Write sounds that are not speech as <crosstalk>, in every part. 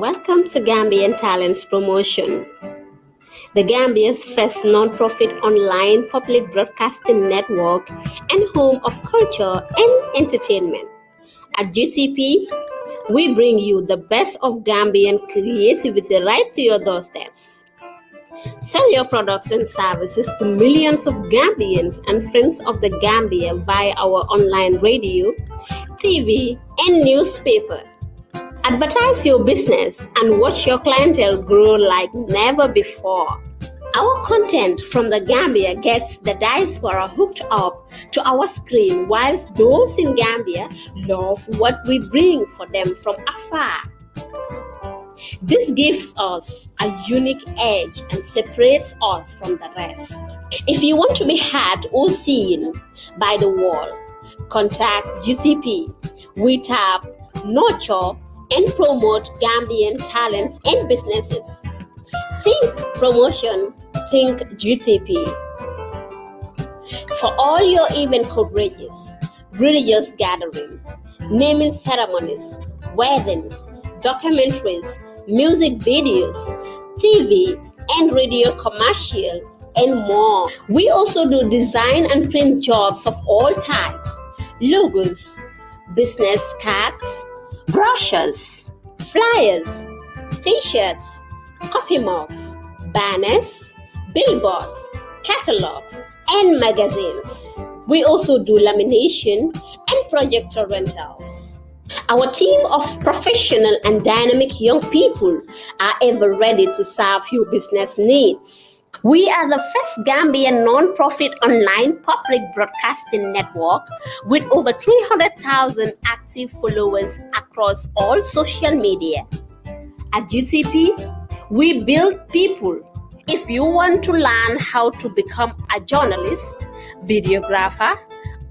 Welcome to Gambian Talents Promotion, the Gambia's first non-profit online public broadcasting network and home of culture and entertainment. At GTP, we bring you the best of Gambian creativity right to your doorsteps. Sell your products and services to millions of Gambians and friends of the Gambia via our online radio, TV, and newspaper. Advertise your business and watch your clientele grow like never before. Our content from the Gambia gets the diaspora hooked up to our screen, whilst those in Gambia love what we bring for them from afar. This gives us a unique edge and separates us from the rest. If you want to be heard or seen by the world, contact GCP. We tap Nurture and promote Gambian talents and businesses. Think promotion, think GTP. For all your event coverages, religious gatherings, naming ceremonies, weddings, documentaries, music videos, TV and radio commercial, and more. We also do design and print jobs of all types, logos, business cards, brushes, flyers, t shirts, coffee mugs, banners, billboards, catalogs, and magazines. We also do lamination and projector rentals. Our team of professional and dynamic young people are ever ready to serve your business needs. We are the first Gambian non-profit online public broadcasting network with over 300,000 active followers across all social media. At GTP, we build people. If you want to learn how to become a journalist, videographer,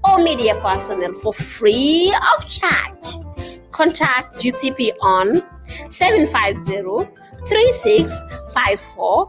or media personnel for free of charge, contact GTP on 750 3654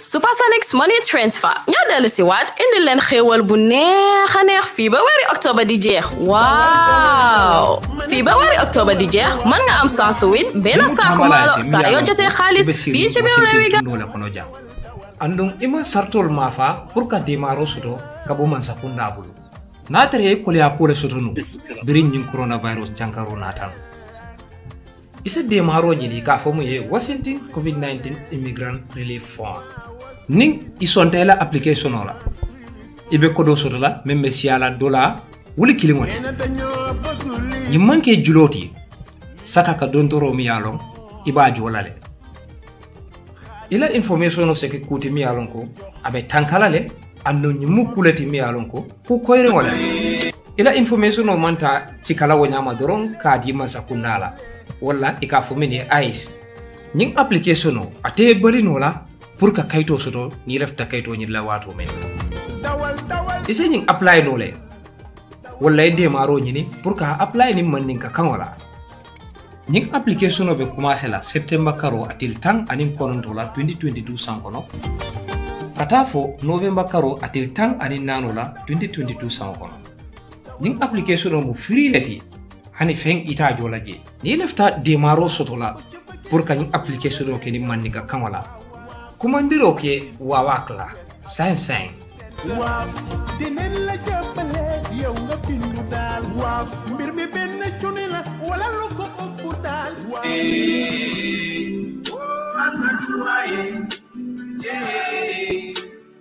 Supersonics Money Transfer ñoo dellu si waat indi leen xéewal bu neex a neex fii ba weeri octobre di jeex waaw fii ba weeri octobre di jeex mën nga am sansu win benn saaku maalo saa yoo jotee xaalis fii ci biir ga andung ima sartol mafa pour ka demaro suto kabo man sakunda bulu na tare kole akole suto nu coronavirus jankaro natan isedde maroji ɗi ka fomu ye washington covid-19 immigrant relief fond nin i la application ola ibe kodo sotola men be siyala dola wuli kiliŋo ti ñiŋ maŋ ke juloo ti saka ka dontoro mi ye a loŋ i be a joo la le i la informationo seki kuuti mi ye a loŋ ko a be tankala le anno ñiŋ mu kuleti le ti ye a loŋ ko ku koyiriŋo le i la informationo maŋ ta cikala wo ñaama doroŋ ka di masa la walla i k'a fɔ min ye ice ñiŋ application o a te bali noo la pour ka kayito soto niŋ i lafita kayito ñiŋ la waato meŋ i se ñiŋ apply noo le walla i deemaaroo ñini pour ka apply niŋ maŋ niŋ ka kaŋo la ñiŋ application o be commencé la septembre karo a atil taŋ aniŋ kononto la 2022 saŋ kono ka taa fo novembre karo a atil taŋ aniŋ naano la 2022 saŋo kono ñiŋ application mu firii le ti hani feng ita jolaje ni lefta demaro sotola pour kañum application o keni mandiga kamala kumandiro ke wawa kla sain sain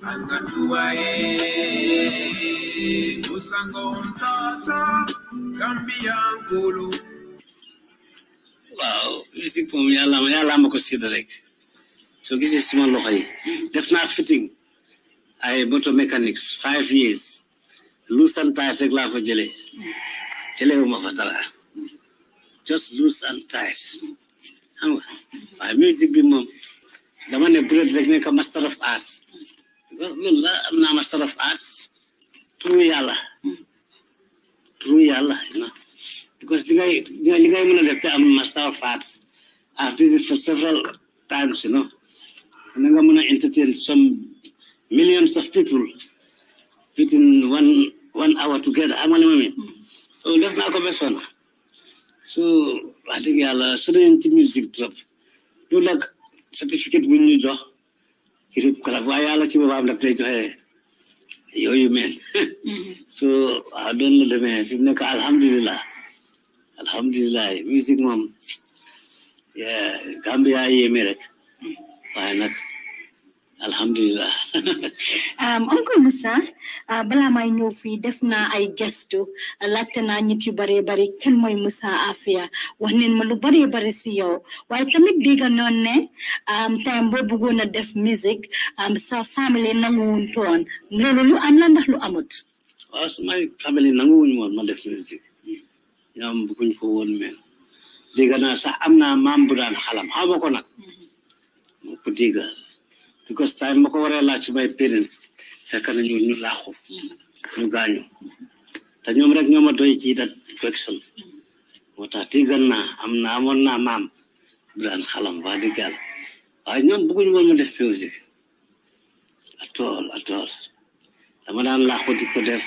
Angaduae, Musango Tata. cambia angolo. waaw musique I'm ma yàlla ma ko sédd rek soo gisee suma loxo yi def naa fitting ay motor mechanics five years loose and tight rek laa fa jëlee jëlee wu ma just loose and tight I'm waaye musique mom. The one who bread rek nekk master of arts loolu la am master of arts turu yàlla through Allah, you know. Because the guy, the guy, the guy, the guy, I'm master of arts. I've did it for several times, you know. And I'm gonna entertain some millions of people within one one hour together. I'm gonna mean. So that's not a So I think Allah uh, certain music drop. You like certificate when you draw. He said, Kalabaya, Allah, Chiba, I'm like, yooyu meen mm-hmm. so a ah, doon la demee fi mu nekk alhamdulilah alhamdulilah musique moom Gambia yéeme rek mm-hmm. waaye nag alhamdulilah. oncle <laughs> um, Moussa uh, balaa may ñëw fii def naa ay gestu laajte naa ñit yu bari bari kenn mooy Moussa Afia wax neen ma lu bari bari si yow waaye tamit dégg noon ne um, time boo bëggoon a def musique um, sa famille nanguwuñ toon loolu lu am la ndax lu amut. waaw su may famille ma def musique ñoom bëgguñ ko woon meen dégg naa sax am naa maam bu daan xalam nag mm-hmm. ko dégg because time ma ko waree laaj ci my parents fekk na ñu ñu laaxu ñu gaañu te ñoom rek ñoo ma doy ci dat question moo tax tiigan naa am na amoon naa maam biraan xalam waa di gaal waaye ñoom bëgguñu woon def musique atool atool dama daan laaxu di ko def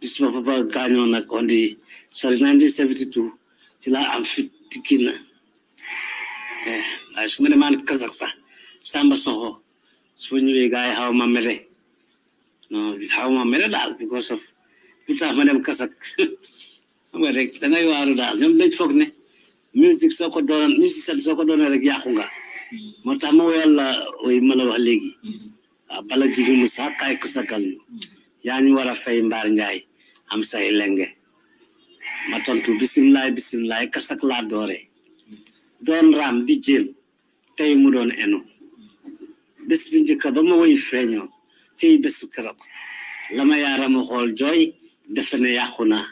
bis ma papa gaañoo nag on di sori 1972 ci laa am fit di génn eh, waaye su ma demaan Kasak sax Samba Soxo soo ma ñëwee gars yi ma mete non ma mete daal because of ma dem kasak <laughs> xam nga rek dangay waaru daal ñoom dañ foog ne musique soo ko doon musique soo ko doon rek yàqu nga mm-hmm. moo tax ma woyal la woy ma la wax léegi waaw mm-hmm. ah, bala jigi mu sax ñu mm-hmm. yaa ñu war mbaar njaay am say lenge ma tontu bisimilaay bisimilaay kasak laa doore doon raam di jéem tey mu doon enu bés bi njëkk dama woy feeñoo ci bésu keroog la ma yaarama xool jooy defe ne yàqu naa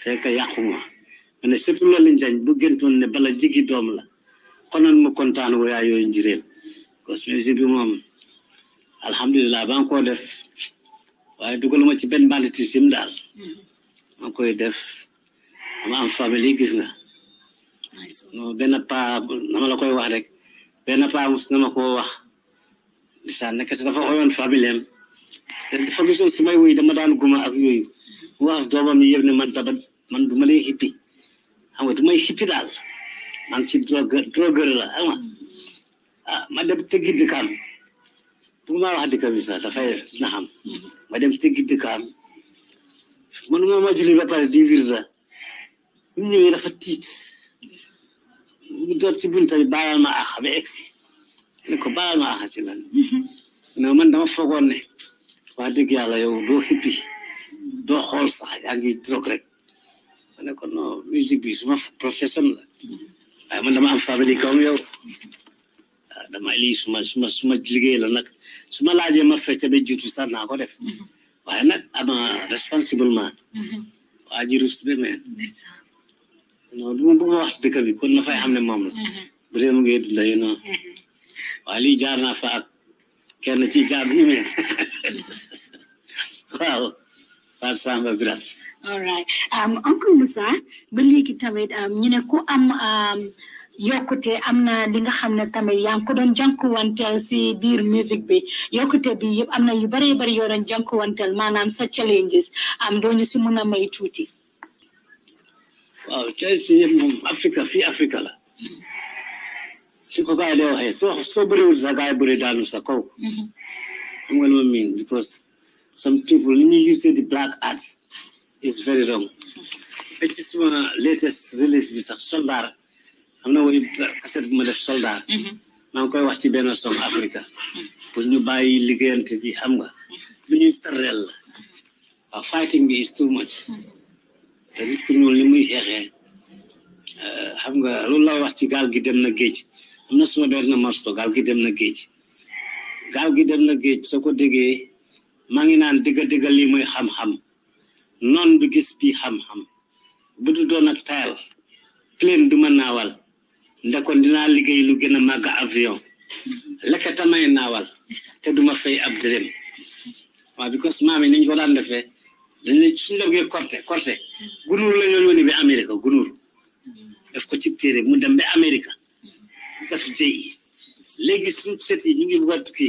fekk yàquma ma ne surtout loolu njañ bu géntoon ne bala jigi doom la konoon mu kontaan woyaa yooyu njureel bi moom alhamdulilah ba nga koo def waaye dugaluma ci benn banditisme daal ma koy def ama am famille gis nga non la koy wax rek benn paa mus na ma koo wax ndeysaan nekk si dafa oyoon famille am dafa gisoon su may wuy dama daan guma ak yooyu mu wax doomam yi yëpp ne man daba man du ma lay xippi xam nga du may xippi daal man ci drogue drogueur la xam nga ah ma dem tëggi dëkkaam bu ma wax dëkk bi sax dafay na xam ma dem tëggi dëkkaam man ma ma julli ba pare di wir la ñu ñëwee dafa tiit bu doon ci bunta bi baalal ma axa ba egsi ne ko baalal ma axa ci mhm. man dama foogoon wax dëgg yàlla yow doo doo xool sax rek ma suma profession la waaye yow ah, dama lii suma suma suma liggéey la nag suma ma fecce ba jiitu naa ko def mhm. mhm. rus bi meen non lu ma bëgg dëkk bi kon na fay xam ne moom la. Mm-hmm. bu dee mu ngi dund yéen noonu. jaar naa fa ak kenn ci jaar bi mais <laughs> waaw. Fatou Samba Birame. all right um, um, ñu ne ku am. Um, yokkute am na li nga xam ne tamit yaa ko doon jànkuwanteel si biir musique bi yokkute bi yëpp am na yu bëree bëri yoo doon jànkuwanteel maanaam sa challenges am doo si mun a may tuuti. تشيلسي من افريقيا في افريقيا لا شكو قاعد هو هي سو سو بري وزا قاعد بري دانو ساكو I'm going to mean because some people, when you say the black art, is very wrong. It is my latest release with Soldar. I'm not going to accept my Soldar. maa ngi koy wax ci benn song Africa pour ñu bàyyi liggéeyante bi xam nga bu ñuy tërreel la waaw fighting is too much mm-hmm. te nit ku ñuul ni muy xeexee euh, xam nga loolu laa wax ci gaal gi dem na géej am na suma benn morso gaal gi dem na géej gaal gi dem na géej soo ko déggee maa ngi naan dëgga dëgga lii mooy xam-xam noon du gis bi xam-xam bu du doon taal plane du ma naawal nda kon dinaa liggéey lu gën a màgg avion lekk tamay naawal te duma fay ab dërëm waaw because maam yi niñ ko daan defee dañ lay suñu la bëggee corté gunóor la ñoo yónni ba Amérique gunóor def ko ci téere mu dem be Amérique def jéy léegi suñu set yi ñu ngi bëgg a tukki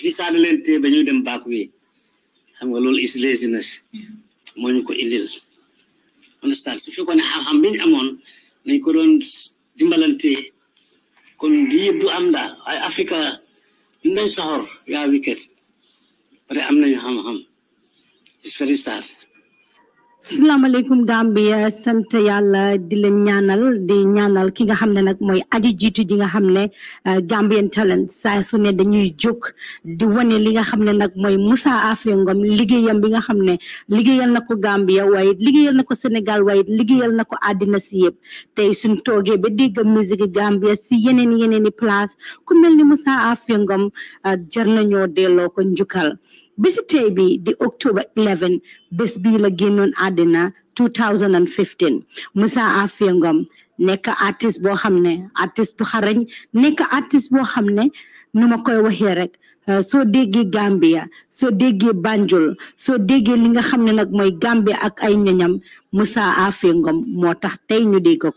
visa da leen téye dem baaku yi xam nga loolu is laziness moo ñu ko indil understand su fekkoon ne xam-xam bi amoon nañ ko doon dimbalante kon di am daal ay Afrique ñun dañ soxor yaa wicket parce am nañu xam-xam felicidades. salaamaaleykum Gambia sant yàlla di leen ñaanal di ñaanal ki nga xam ne nag mooy aji jiitu ji nga xam ne euh, Gambian Talent saa su ne dañuy jóg di wane li nga xam ne nag mooy Musa Afia Ngum liggéeyam bi nga xam ne liggéeyal na ko Gambia waaye liggéeyal na ko Sénégal waaye liggéeyal na ko àddina si yëpp tey suñ toogee ba dégg musique Gambia si yeneen yeneeni place ku mel ni Musa Afia Ngum euh, jar nañoo delloo ko njukkal. bisi tey bi di october 11 bés bii la génnoon àddina 2015 Musa Afia Ngum nekk artiste boo xam ne artiste bu xarañ nekk artiste boo xam ne nu ma koy waxee rek Euh, soo déggee Gambia soo déggee Banjul soo déggee li nga xam ne nag mooy Gambia ak ay ñoñam Moussa Affe Ngom moo tax tey ñu dégg ko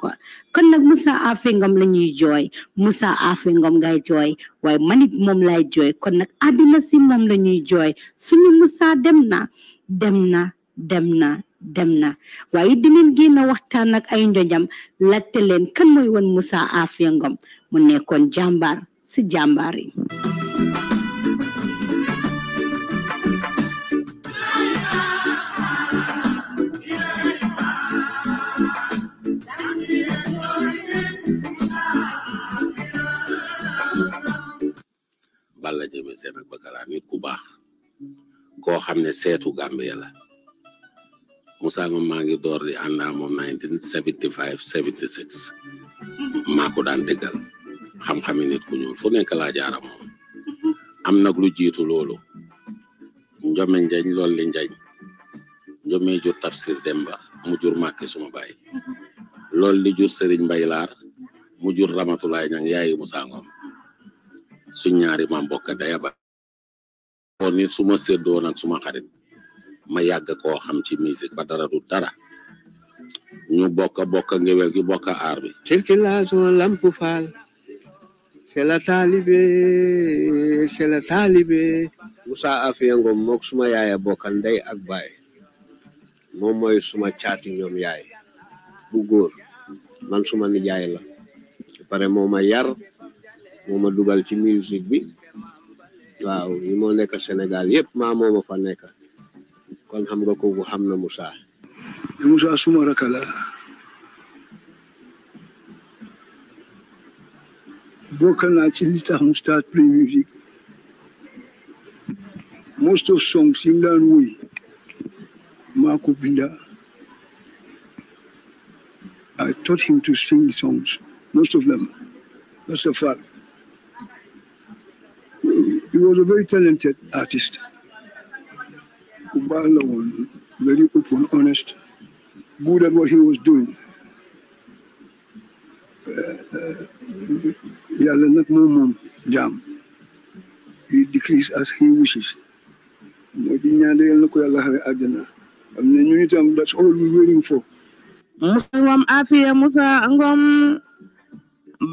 kon nag Moussa Affe Ngom la jooy Moussa Affe ngay jooy waaye manit moom lay jooy kon nag àddina si moom la jooy suñu Moussa dem na dem na dem na dem na waaye dinañ génn waxtaan ak ay njojam laajte leen kan mooy woon Moussa Affe Ngom mu nekkoon jàmbaar si jàmbaar yi Balla Jëme Seen ak Bakara baax koo xam ne seetu Gambia la Moussa Ngom maa ngi door di ànd ak moom 1975 76 maa ko daan dëggal xam-xami nit ku ñuul fu nekk laa jaara moom am lu jiitu loolu njome njañ lool li njañ njome jur tafsir demba mu jur màkki suma baay lool li jur sëriñ mbaylaar mu jur ramatulaay ñang yaayi Moussa Ngom suñ ñaari ma mbokk daya nag suma xarit ma yàgg koo xam ci musique ba dara du dara ñu bokka bokka ngewel gi bokka aar bi circulation lamp faal c'est la taalibe c'est la taalibe Moussa Afia Ngom suma yaaya bokka ndey ak baay suma caati ñoom yaay bu góor man suma nijaay la pare moo yar moo ma dugal ci musique bi waaw ñi moo nekk Sénégal yëpp maa moo ma fa nekk kon ham. nga kooku xam na Moussa. Moussa suma rakk la. bokk naa ci li tax start play music most of songs yi mu daan woy maa binda I taught him to sing songs most of them that's a fact he was a very talented artist. Ubala very open, honest, good at what he was doing. Uh, uh, he jam. He decrees as he wishes. That's all we're waiting for. Muslim Afia Musa Ngom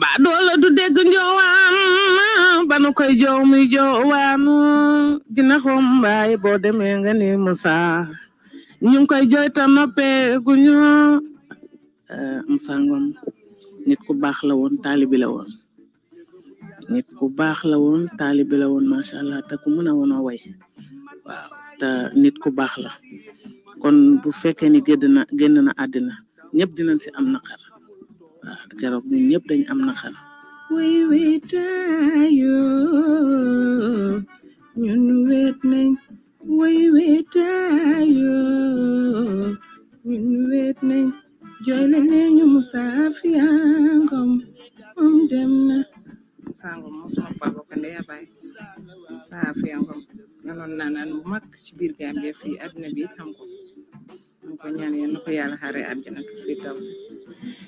Badola du deg njowan banu koy joow muy joow waanu dina xom mbaay boo demee nga ni Musa ñu ngi koy jooy ta noppee guñu eh, Musa Ngum nit ku baax la woon taalibi la woon nit ku baax la woon taalibi la woon macha allah te ku mën a woon a way waaw nit ku baax la kon bu fekkee ni génn na génn na àddina ñëpp dinañ si am naqar waaw keroog ñun ñëpp dañ am naqar we wéetal yoo ñun wéet nañ we wéetal yoo ñun wéet nañ joole leñu Musa Fiangom dem na sangom moo sama papa ko ndeya baay Musa Fiangom ñanoon naanaan bu mag ci biir Gambie fii àddina bi xam ko ñu ko ñaan yeen ko yàlla xare fi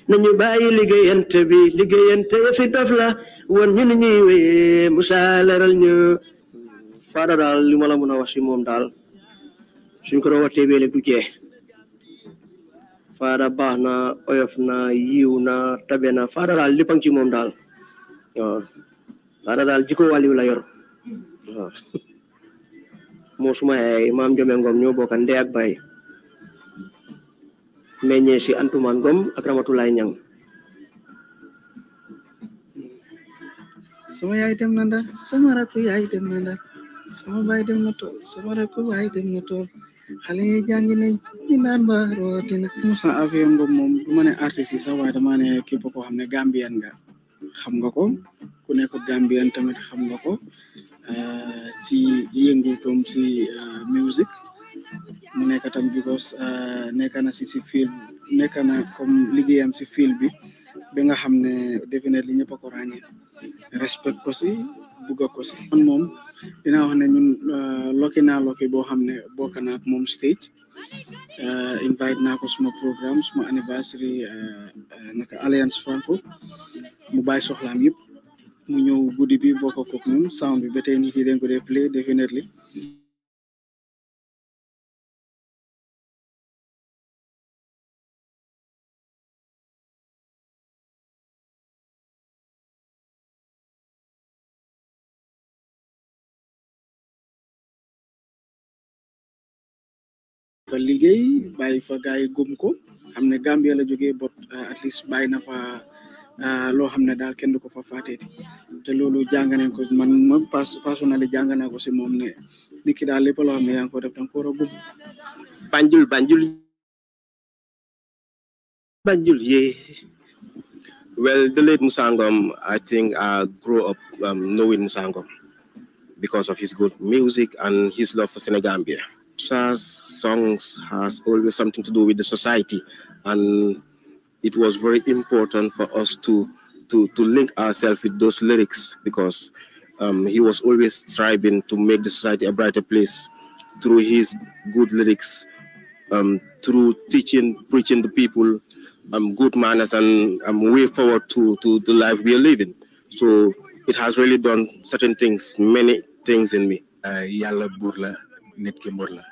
nañu bi liggéeyante fi daf la won ñu ñi wéyee Moussa leeral ñu fara dal li la wax ci mom dal suñ ko bi fara ya. oyofna na tabena fara dal li pang ci mom dal fara dal jiko waliw la yor ya. mo suma ay maam jome ngom ñoo bokkan ak meññee si Antouma Ngom ak Ramatoulaye Niang sama yaay dem na item sama rakku yaay dem na ndar sama baay dem na tool sama rakku baay dem na tool xale yi jàngi nañ ñi naan ba rootina Moussa Afia Ngom moom du ma artiste sax waaye dama ne Gambian nga xam nga ko ku nekk Gambian tamit xam nga ko ci eh, si eh, music mu nekk tam because eh, nekk na ci ci field nekk na comme liggéeyam ci film bi bi nga xam definitely ñepp ko respect ko ci bugga ko ci man mom dina wax ne ñun eh, lokki naa ne ak mom stage eh, invite na ko suma programme suma anniversary naka alliance franco mu bay soxlam yépp mu ñew goudi bi bokko ko ñun sound bi betay ni nit yi play definitely fa liggéey bàyyi fa gars yi gëm ko xam ne Gambia la jógee bot uh, at least bàyyi na fa uh, loo xam ne daal kenn du ko fa faateeti te loolu jàng ko man ma personnel jàng naa ko si moom ne nit ki daal lépp loo xam ne yaa ngi ko def danga ko war a gëm Banjul Banjul Banjul yeah well the late Musa Ngum I think I uh, grew up um, knowing Musa Ngum because of his good music and his love for Senegambia songs has always something to do with the society, and it was very important for us to to to link ourselves with those lyrics because um, he was always striving to make the society a brighter place through his good lyrics, um, through teaching, preaching the people um, good manners and um, way forward to, to the life we are living. So it has really done certain things, many things in me. Uh, yalla burla nit ki mbor la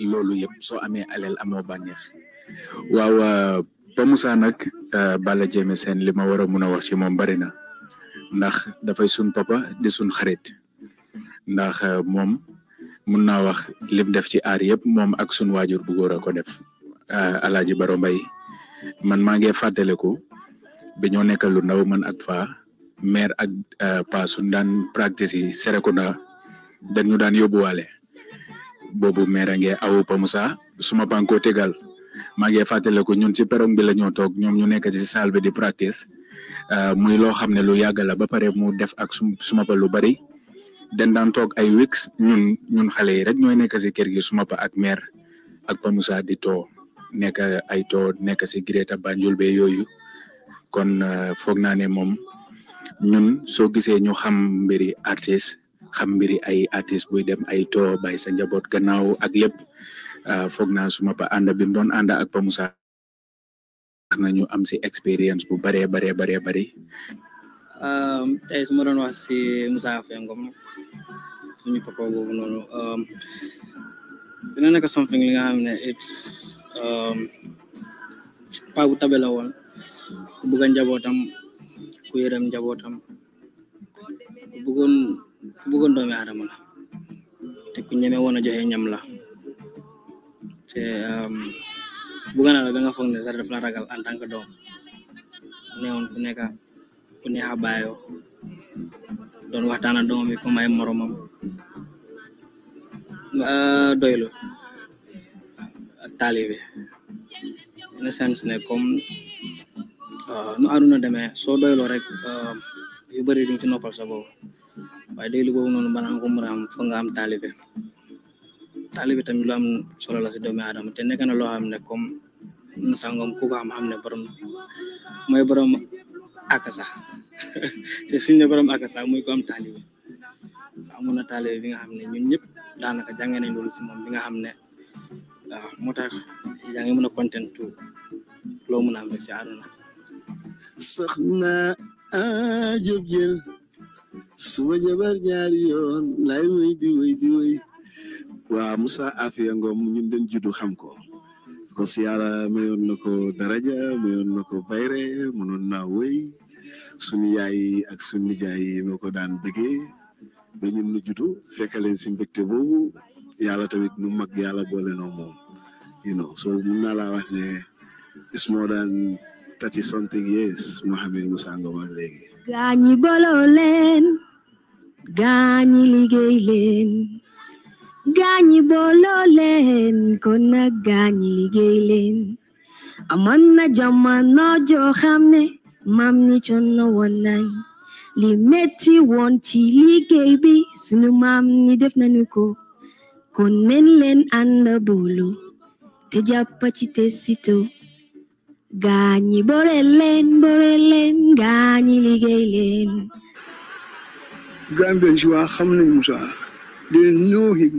so yeb so amé alel amo banex waaw ba musa nak euh, Balla jeme sen lima wara war wax ci mom bari na ndax fay sun papa di sun xarit ndax euh, mom mun naa wax lim def ci ar yeb mom ak sun wajur bu gora ko def euh, Alaaji Baro Mbay man maa fatale ko bi ñoo nekkal lu ndaw man ak fa maire ak Pa sun dan practice yi na dañu daan yóbbuwaale bobu merenge nge awu pa Moussa suma banko tegal maa fatale ko ñun ci perong bi la ñoo tok ñom ñu nekk ci salle di practice ah, muy lo xamne lu yag la ba pare mu def ak suma pa lu bari den dan tok ay weeks ñun ñun xalé yi rek ñoy nekk ci kër gi suma pa ak ak pa di to nekk ay to nekk ci greta Banjul be yoyu kon ah, foog naa ne moom ñun so gisee ñu xam mbiri artiste xam mbiri ay artiste buy dem ay to bay sa njabot gannaaw ak lepp foog naa suma ba ànd bi mu doon ànd ak ba Musa nañu am si experience bu bare bare bare bare tey um, eh, su ma doon wax si Musa Fengom suñu papa boobu noonu dina um, nekk something li nga xam ne it's um, pa bu tabe la woon ku bëgg njabootam ku yërëm njabootam bëggoon ku bëggoon doomi aadama la te ku ñeme woon a joxe ñam la te um, bëgg na la ba nga foog ne sax daf la ragal en tant doom neewoon ku nekka ku neex a doon waxtaan ak doomam yi comme ay moromam nga uh, doylu ak taalibe in a sense ne uh, nu aduna demee soo doyloo rek um, yu bëri di nga ci noppal sa boobu waaye déglu boobu noonu balaa nga ko mën a am fa nga am taalibe taalibe tamit lu am solo la si doomi aadama te nekk na loo xam ne comme nu sangam ku ko am xam ne borom mooy borom akasa te suñ ne borom akasa muy ko am taalibe amuna na taalibe bi nga xam ne ñun ñëpp daanaka jàngee nañ loolu si moom bi nga xam ne waaw moo tax yaa ngi mën a content tu loo mën a am rek si àdduna sax na ajëb jël Semuanya bernyarion, lain way di way di way. Wa Musa Afia Ngom ñun den juddu xam ko. Ko siyaara mayoon na ko daraja, mayoon na ko bayre, mënoon naa wëy. Sunu yaay ak sunu nijaay noo ko daan bëggee. Ba ñun nu juddu fekk si mbégte boobu. Yàlla tamit nu mag yàlla boole noo moom. You know, so mun naa laa wax ne it's more than 30 something years Mohamed Musa Ngom ak léegi. Gani bololen, Gani leen Gani bololen, liggéey Gani gaa Amanna boloo leen kon nag gaa ñi liggéey leen Limeti na jamono li sunu maam ni def nañu ko kon men leen ànd te te sito gaa ñi boole leen boole leen gaa si liggéey leen. waa xam nañ Musa they know him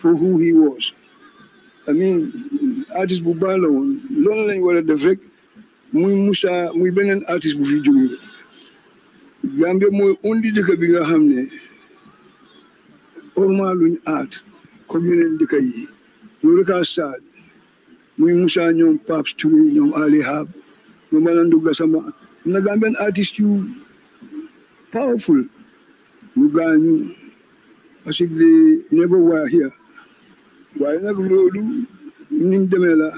for who he was I mean artiste bu baax la woon lañ war a def rek muy Musa muy beneen artiste bu fi jógee Gambia mooy undi dëkk bi nga xam ne orma luñ aat comme yeneen dëkk yi muy Moussa ñoom Pape Touré ñoom Ali Hab ñoom Malandou Gassama na Gambian artist yu powerful ñu gaañu parce que never were here waaye nag loolu ni mu demee la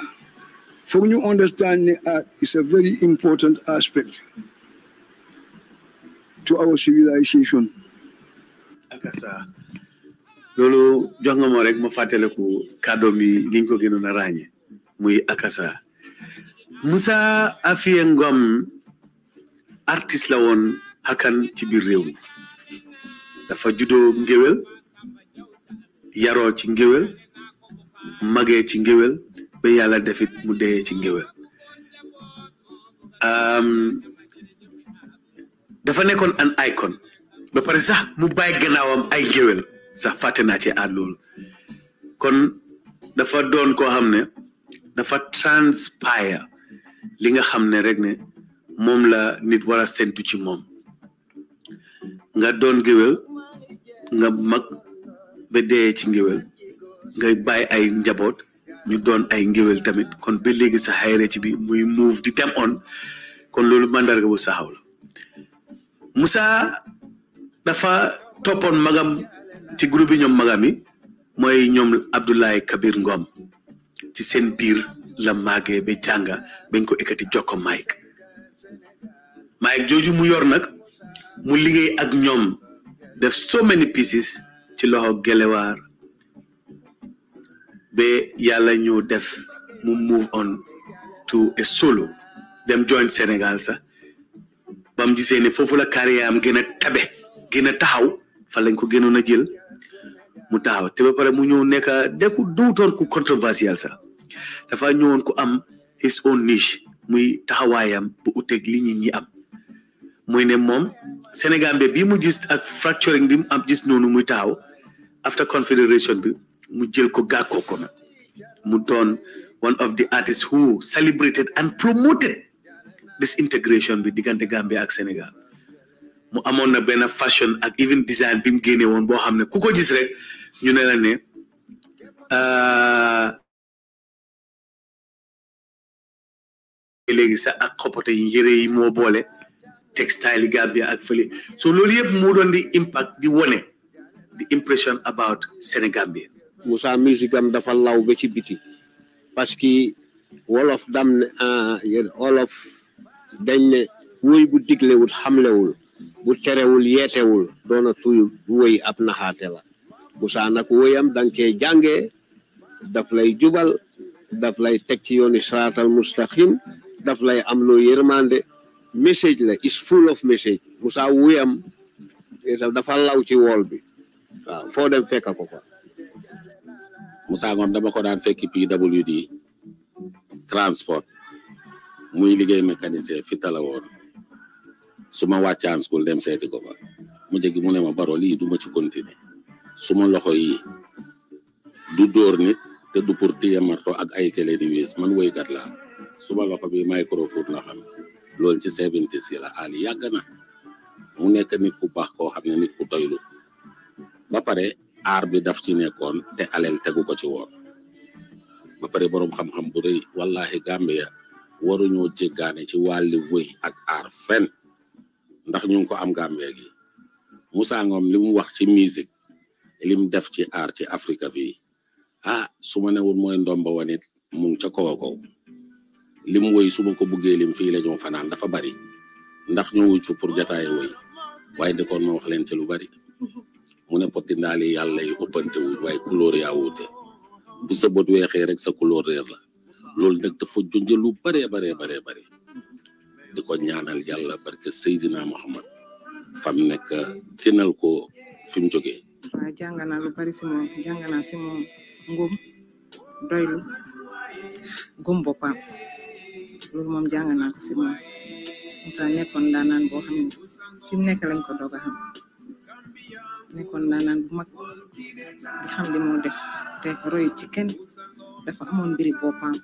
foog ñu understand ne art is a very important aspect to our civilization akasa loolu jox nga ma rek ma fàttaliku kàddoom yi niñ ko gënoon a muy akasa Moussa Afia Ngom artiste la woon xakan ci biir réew mi dafa juddoo ngéwél yaroo ci ngéwél magee ci ngéwél ba yàlla defit mu dee ci ngéwél dafa nekkoon an icon ba pare sax mu bàyyi gannaawam ay ngéwél sax fàtte naa ci aat kon dafa doon koo xam ne dafa transpire li nga xam ne rek ne moom la nit war a ci moom nga doon géwél nga mag ba dee ci ngéwél ngay bàyyi ay njaboot ñu doon ay ngéwél tamit kon ba léegi sax ay ci bi muy move di dem on kon loolu mandarga bu saxaw la Moussa dafa toppoon magam ci groupe yi ñoom magam mooy ñoom Abdoulaye Kabir Ngom ci seen biir la màggee ba jànga bañ ko ekkati jokko Mike Mike jooju mu yor nag mu liggéey ak ñoom def so many pieces ci loxo gelewaar ba yàlla ñu def mu move on to a solo dem join senegal sax bam gisee ne foofu la carrière am gën a tabe gën a taxaw fa lañ ko gënoon a jël mu taxaw te ba pare mu ñëw nekk nekku duutoon ku controversial sax dafa ñëwoon ku am his own niche muy taxawaayam bu uteeg li nit ñi am muy ne moom Sénégal bi mu gis ak fracturing bi mu am gis noonu muy taxaw after confederation bi mu jël ko gàkkoo ko mu doon one of the artists who celebrated and promoted this bi diggante Gambia ak Sénégal mu amoon na benn fashion ak even design bi mu génne woon boo xam ne ku ko gis rek You know what I mean? Uh, sa ak xopoto yi yére yi moo textile Gambia ak fële so loolu yëpp moo di impact di wone the impression about Sénégambia Musa musique am dafa law ba ci biti parce que of dam ne ah, wolof dañ ne wóy bu diglewul xamlewul bu terewul yeetewul doona tuy wóy ab la busaan nag woyam danga cee jàngee daf lay jubal daf lay teg ci yooni siraatal mustaqim daf lay am loo yërmande message la is full of message Musa woyam dafa law ci wool bi waaw foo dem fekk ko fa Musa Ngum dama ko daan fekki PWD transport muy liggéey mécanicien fi tala woon su wàccaan school dem seeti ko mu jegi mu ne ma baro lii du ma ci continuer suma loxo yi du dóor nit te du pour téye marto ak ay kële wis man woykat la suma loxo bi microphone na xam loolu ci seventy si la ali yàgg na mu nekk nit ku baax koo xam nit ku doylu ba pare aar bi daf ci nekkoon te aleel tegu ko ci woon ba pare boroom xam-xam bu rëy wallahi Gambia waruñoo jéggaane ci wàlli wëy ak aar fen ndax ñu ngi ko am Gambia gi Moussa Ngom li mu wax ci musique lim def ci aar ci Afrique fii ah su ma newul mooy ndomba wanit mu ngi ca kaw a lim woy su ma ko buggee lim fii la fanaan dafa bari ndax ñëwuñ fi pour jataay woy waaye de kon ma wax leen ci lu bari mu ne poti ndaali yàlla yi ëppante wuñ waaye couleur yaa wuute bu sa bët weexee rek sa couleur réer la loolu nag dafa junj lu baree baree baree bari di ko ñaanal yàlla barke Seydina Muhammad fam nekk tinal ko fi mu jógee waaye jàng naa lu bari si moom jàng ngum doylu gum boppam loolu moom jàng naa ko si moom Musa nekkoon daanaan boo xam ne fi mu nekk lañ ko doog a xam nekkoon daanaan bu mag nga xam li moo def te roy ci kenn dafa amoon mbiri boppam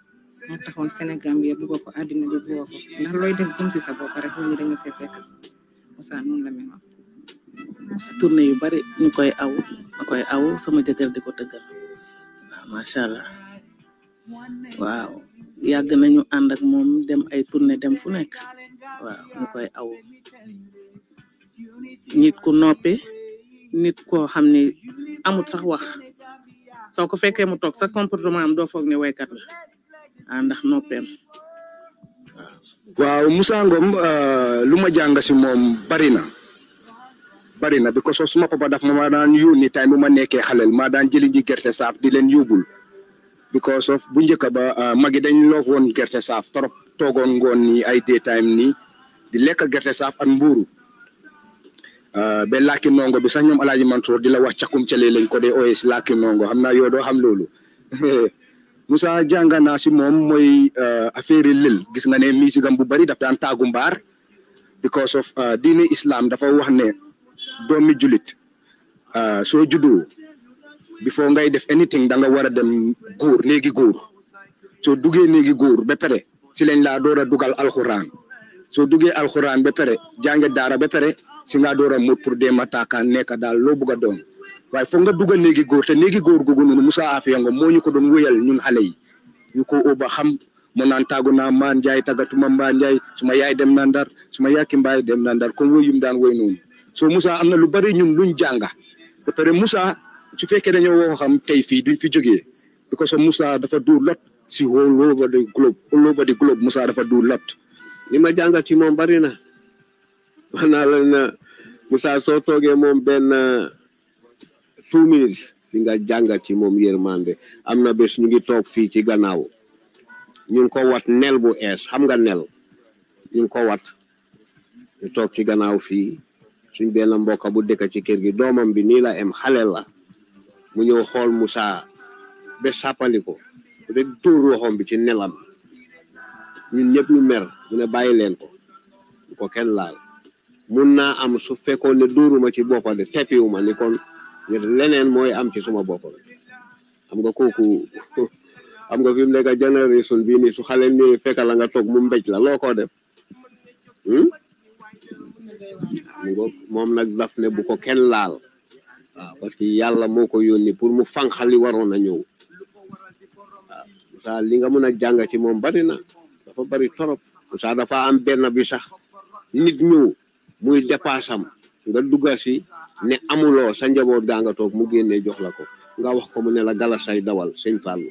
moo taxoon Sénégal bi bugg ko àddina bi bugg ko ndax looy def gum si sa bopp rek ñu dañu see fekk Musa noonu la meloon Tunai yu bari ñu koy aw koy aw sama jëkkër di ko tëggal waaw ah, allah waaw yàgg ya nañu ànd ak moom dem ay tourné dem fu nekk waaw ñu koy aw nit ku noppi nit koo xam ni amut sax wax soo ko fekkee mu toog sa comportement am doo foog ne waykat la ah ndax noppeem waaw Moussa Ngom eh, lu ma jàng si moom bari bari na because of mako ba daf ma daan yónni time mu ma nekké xalel ma daan jëli ji gerté saaf di len because of bu njëkk ba ah, magi dañ lo won gerté saaf torop togon ngon ni ay day time ni, di lek gerté saaf ak mbuuru ah, be laki nongo bi sax ñom alaaji mansour di la wax ci lé lañ ko dé oyes laki nongo xam yo do doo xam loolu <laughs> Moussa jànga ci mom moy mooy ah, affaire gis nga bu bari daf daan tagu mbar because of dini islam dafa wax né doomi julit ah, soo juddoo before ngay def anything danga nga war a dem góor néegi góor soo duggee néegi góor ba pare si lañ laa door a dugal alxuraan soo duggee alxuraan ba pare jànge daara ba pare si nga door a mut pour dem a taakaan nekk daal loo bugg doon waaye foog nga dugg néegi góor te néegi góor googu noonu Musa Afia Ngum moo ñu ko doon wéyal ñun xale yi ñu ko óoba xam mu naan tàggu naa maan njaay tàggatuma mbaa njaay suma yaay dem na ndar suma yàkki mbaay dem na ndar comme wéyum daan wéy noonu so Musa, amna lu bari ñun luñ jànga ba pare musa su fekke dañu wo xam tay fi duñ fi joggé because Musa dafa du lot si all over the globe all over the globe musa dafa du lot li ma jàngal ci mom bari na wana la na musa so toge mom ben uh, two minutes di nga jàngal ci mom yermande amna bes ñu ngi tok fi ci gannaaw ñu ko wat nel bu es xam nga nel ñu ko wat ñu ci gannaaw fi suñ benn mbokka bu dëkk ci kër gi doomam bi nii la em xale la mu ñëw xool Musa ba sàppaliko rek dóor loxoom bi ci nelam ñun ñëpp ñu mer mu ne bàyyi leen ko bu ko kenn laal mun naa am su fekkoon ne dóoruma ci boppa de teppiwuma ni kon leneen mooy am ci suma bopp xam nga kooku xam nga fi mu nekk génération bi nii su xale nii fekk la nga toog mu mbej la loo ko def hmm? mom nak daf ne bu ko ken laal waaw parce que yalla moko yoni pour mu fanxali waroon a ñëw waaw Moussa li nga mëna a jàng ci mom bari na dafa bari torop sa dafa am ben bi sax nit ñëw muy dépassam nga duggal ci ne amulo sa njabo da nga tok mu génnee jox la ko nga wax ko mu ne la gala say dawal sëñ fallu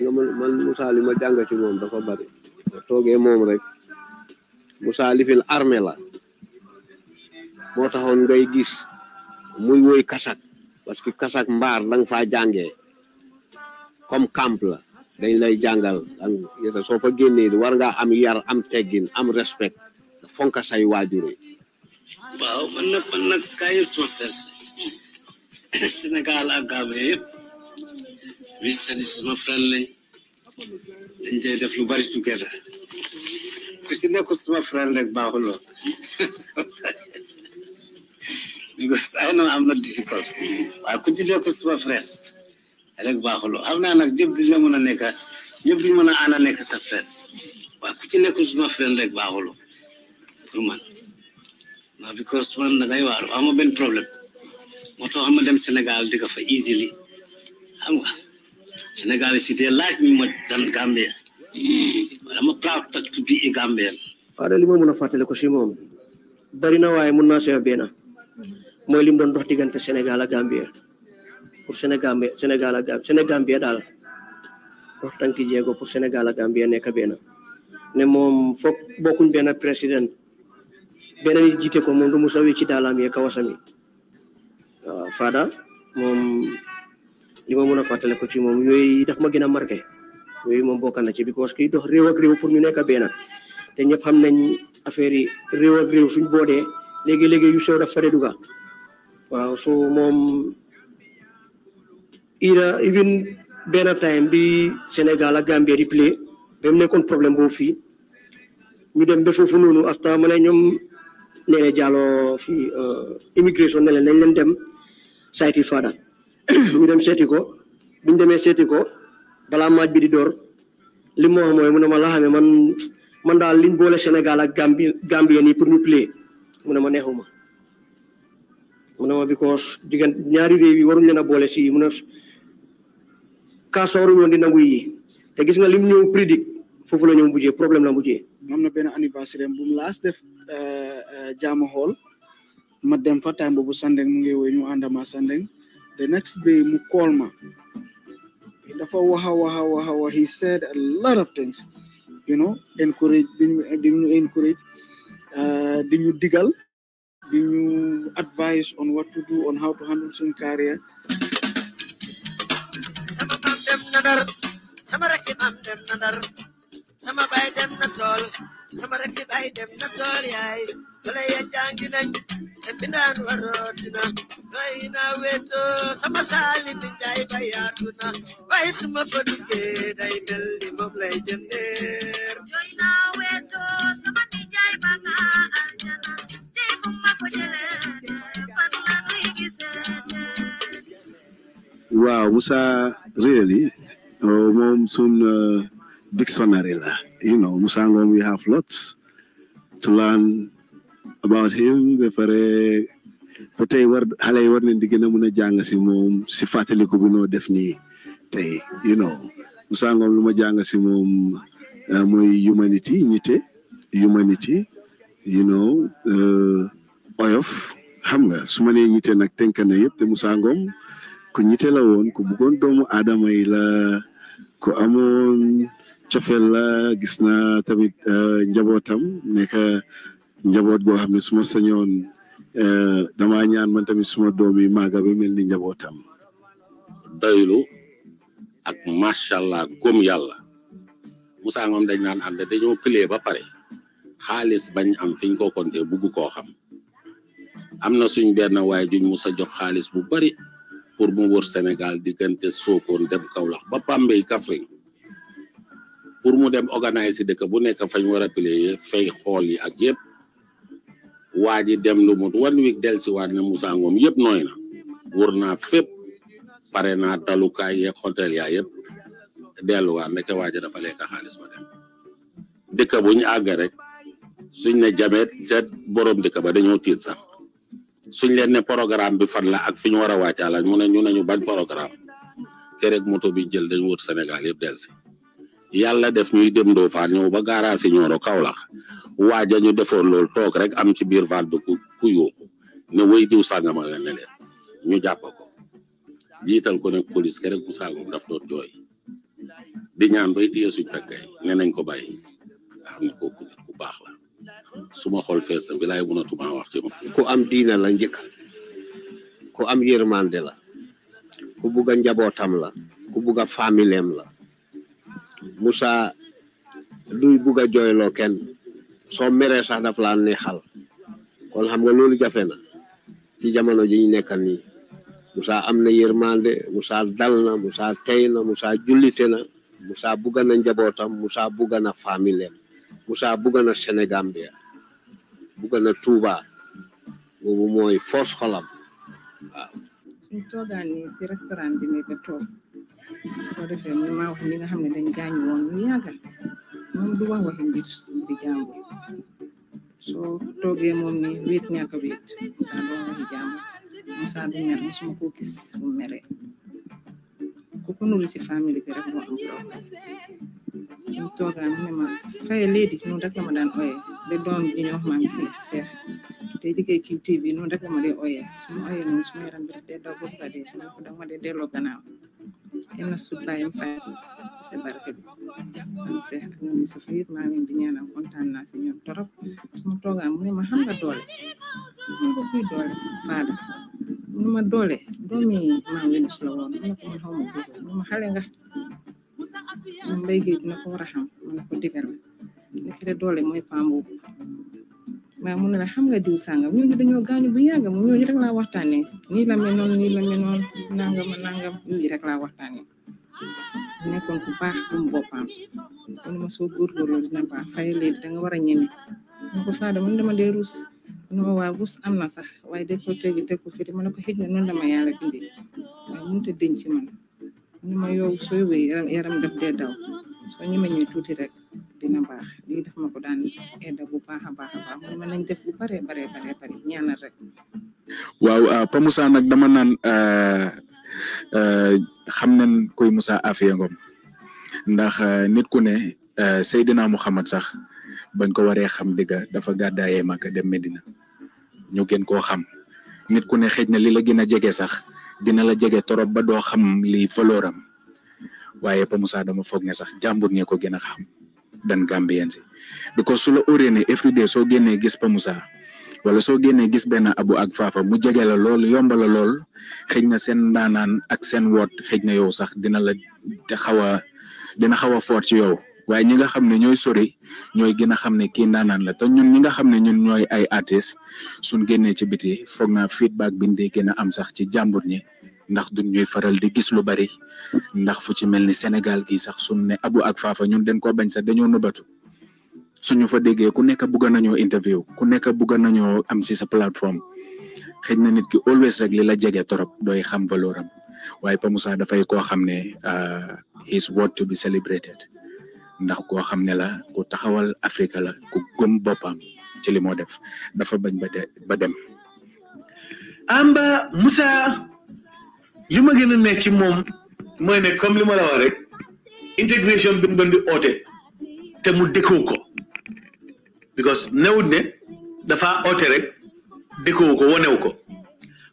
nga man Moussa li ma jàng ci mom dafa bari toge mom rek Moussa lifil armela, la moo ngay gis muy woy kasak parce que kasak mbar dang fa jangé comme camp la dañ lay jangal ak so fa génné war nga am yar am teggin am respect fonka say waajur waaw man na man nag kaayir sotes sénégal ak gaame yëpp wi sama dañ def lu bari together ku si nekk suma friend rek baaxuloo because I know I'm not difficult ku ci nekk rek baaxuloo xam naa nag ñëpp duñ la mën a nekk ñëpp duñ mën a ànd nekk sa ci nekk suma friend rek baaxuloo pour man non because man dangay waaru amoo benn problème moo tax ma dem Sénégal di ko fa easily xam nga Sénégal si dee laaj mi ma I'm proud to be a Gambian. waaw li ma mën a fàttali ko si moom bari na waaye mun na seet benn mooy lim doon dox diggante Sénégal ak Gambie pour Sénégal Sénégal ak Gambie Sénégal daal dox tànki jéego pour Sénégal ak Gambie nekk benn ne moom foog bokkuñ benn président benn nit jiite ko moom du musa wécci daalaam yee kawasami waaw Fada moom li ma a fàttali ko ci moom yooyu daf ma gën a marqué. yooyu moom bokk na ci bi because kii dox réew ak réew pour ñu nekk benn te ñëpp xam nañ affaire yi réew ak réew suñ boodee léegi-léegi yu sew daf fa dee duga waaw so moom ida even benn time bi Sénégal ak Gambie di play ba mu nekkoon problème boobu fii ñu dem ba foofu noonu asta ma ne ñoom nee na jàlloo fii euh, immigration ne leen nañ leen dem sayti fada <coughs> ñu dem seeti ko buñ demee seeti ko balaa maaj bi di dor li mo wax mooy mu ne ma laa xamee man man dal liñ bolé Sénégal ak Gambie gambie ni pour ñu ma neexuma because diggante ñaari réew yi waru leen bolé ci si ka ne kaasa waruñ woon di nangu yi te gis nga lim ñew prédic fofu la ñëw bujé problème la bujé amna ben anniversaire bu mu last def eh, eh, jaama xool ma dem fa time bu Sandeng mu ngi woy ñu Sandeng the next day mu call ma. dafa wax he said a lot of things you know encourage diñu encourage you uh, digal you advise on what to do on how to handle some career sama dem na sama dem na yaay Play a jankinan, oh, oh, and Pinan Vaina Samasali, some the gate I build him of legend really dictionary you know Musa, we have lots to learn about him ba pare war xale yi war nañ di gën a mën a jàng si moom si fàttaliku bi def nii tey you know Musa Ngum lu ma jàng si moom euh, mooy humanity ñite humanity you know euh, oyof xam nga su ma nee ñite nag tënk na yëpp te Musa Ngum ku ñite la woon ku bëggoon doomu aadama yi la ku amoon cofeel la gis na tamit euh, njabootam nekk njaboot goo xam ne suma ma sañoon eh, damaa ñaan ma tamit suma doom yi màgga bi mel ni njabootam doylu ak macha allah gom yàlla Moussa Ngom dañ naan ànd dañoo ba pare xaalis bañ am fiñ ko konte bugg koo xam am na suñ benn waaye juñ Moussa jox xaalis bu bari pour bu wër senegal diggante Sokone dem Kaolack ba Pambey Kaffrine pour mu dem organiser dëkk bu nekk fañ war a pilee fay xool yi ak yëpp waa ji dem lu mut wan wik dellusiwaat ne Moussa Ngom yëpp nooy na wër naa fépp na naa talukaay yeeg hôtel yaa yëpp delluwaat ndeke waa ji dafa bu ñu àgg rek suñ ne jameet ca borom dëkk ba dañoo tiit sax suñ leen ne programme bi fan la ak fi ñu war a wàccaalaat mu ne ñu nañu ñu bañ programme kerek moto bi jël dañ wër Sénégal yëpp dellusi yàlla def ñuy dem doo faan ñëw ba gaaraasi ñooro Kaolack waa ja ñu defoon loolu toog rek am ci biir val de ku ku yóoxu ne woy diw sàngama la ne ñu jàpp ko jiital ko ne police ke rek bu saagum daf doon jooy di ñaan bay téye suñ takkay ne nañ ko bàyyi nga xam ne kooku nit bu baax la suma xol fees na bilaay mënatuma wax ku am diina la njëkk ku am yërmande la ku bugg a la ku bugg a familleem la Moussa duy soo meree sax daf laa neexal kon xam nga loolu jafe na ci jamono ji ñu nekk nii Moussa am na yërmande musa dal na Moussa tey na Moussa jullite na Moussa bugg na njabootam Moussa bugg na familleem Moussa bugg na Sénégambia bugg na Touba boobu mooy force xolam waaw. ñu toogaan ni si may ba mu ma xam ne dañ gaañu woon ñu yàggal. moom du wax waxi mbir bi soo toogee moom ni wéet ñàkk a wéet Musa du wax waxi jàmbur Musa du mere ku ko nul si famille bi rek moo am doom mu toogaan mu ne ma xëy léegi de doom bi ñu wax si seex te liggéey QTV noonu rek la ma dee ooyee su ma ooyee noonu su ma yaram bi dee daw ba bëgg a dee ma ko dama delloo gannaaw የእነሱን ላይ ፋይል ሲበረክል አንሴህ umi sofir maa ngi di ñaanal kontaan naa si ñoom torop suma toogaa mu ne ma xam nga doole xam nga kuy doole faada mu ma doole doomi maa ngi nus la woon mu ma xale nga mu mbay géej dina ko war a xam mu ne ko digal la doole mooy paa maa mun ne la xam nga diw sàngam ñooñu dañoo gaañu bu yàgg mu ñooñu rek laa waxtaanee nii la mel noonu nii la mel noonu nangam nangam ñooñu rek laa waxtaanee nekkoon ku baax kum boppam kon ma soo góorgóorlu dina baax fay léegi da nga war a ñeme mu ko faada man dama dee rus nu ma waa am na sax waaye de ko tegi teg ko fii ma ne ko xëj na noonu dama yàlla bindee waaye mënut a denc man nu ma yow sooy wéy yaram daf dee daw soo ñemee ñuy tuuti rek. dina baax lii def ma ko daan edda bu baaxa baaxa baax a baax mu nañ def bu bare bare bare bare ñaanal rek waaw ah, pa Moussa nag dama naan eh, eh, xam nañ koy Moussa afiya Ngom ndax eh, nit ku ne Seydina Muhammad sax bañ ko waree xam diga dafa gadaye Màkka dem Medina ñu gën koo xam nit ku ne xëj na li la gën a jege sax dina la jege torop ba doo xam li valeuram waaye Pa Moussa dama foog ne sax jàmbur ñee ko gën a xam than Gambians yi because su la óoree ne everyday soo génnee gis Pa Moussa wala soo génnee gis benn abu ak faafa mu jege la lool yomba la lool xëj na seen ndaanaan ak seen woot xëj na yow sax dina la xaw a dina xaw a foot ci yow waaye ñi nga xam ne ñooy sori ñooy gën a xam ne kii ndaanaan la te ñun ñi nga xam ne ñun ñooy ay artistes suñ génnee ci biti foog naa feedback biñ dee gën a am sax ci jàmbur ñi ndax duñ ñuy faral di gis lu bari ndax fu ci melni ni gi sax suñ ne abu ak fanyun ñun dañ ko bañ sa dañoo nubatu suñu fa déggé ku nekk nañoo interview ku nekk bugg nañoo am ci sa platform na nit ki always rek li la jege torop doy xam valoram waye waaye pa moussa fay ko xamné ah, his what to be celebrated ndax ko xamné la ku taxawal Afrika la ku gëm bopam ci li mo def dafa bañ ba dem amba moussa li ma gën a ne ci moom mooy ne li la intégration bi mu doon di te ko because newut ne dafa oote rek dëkkoo ko wonew ko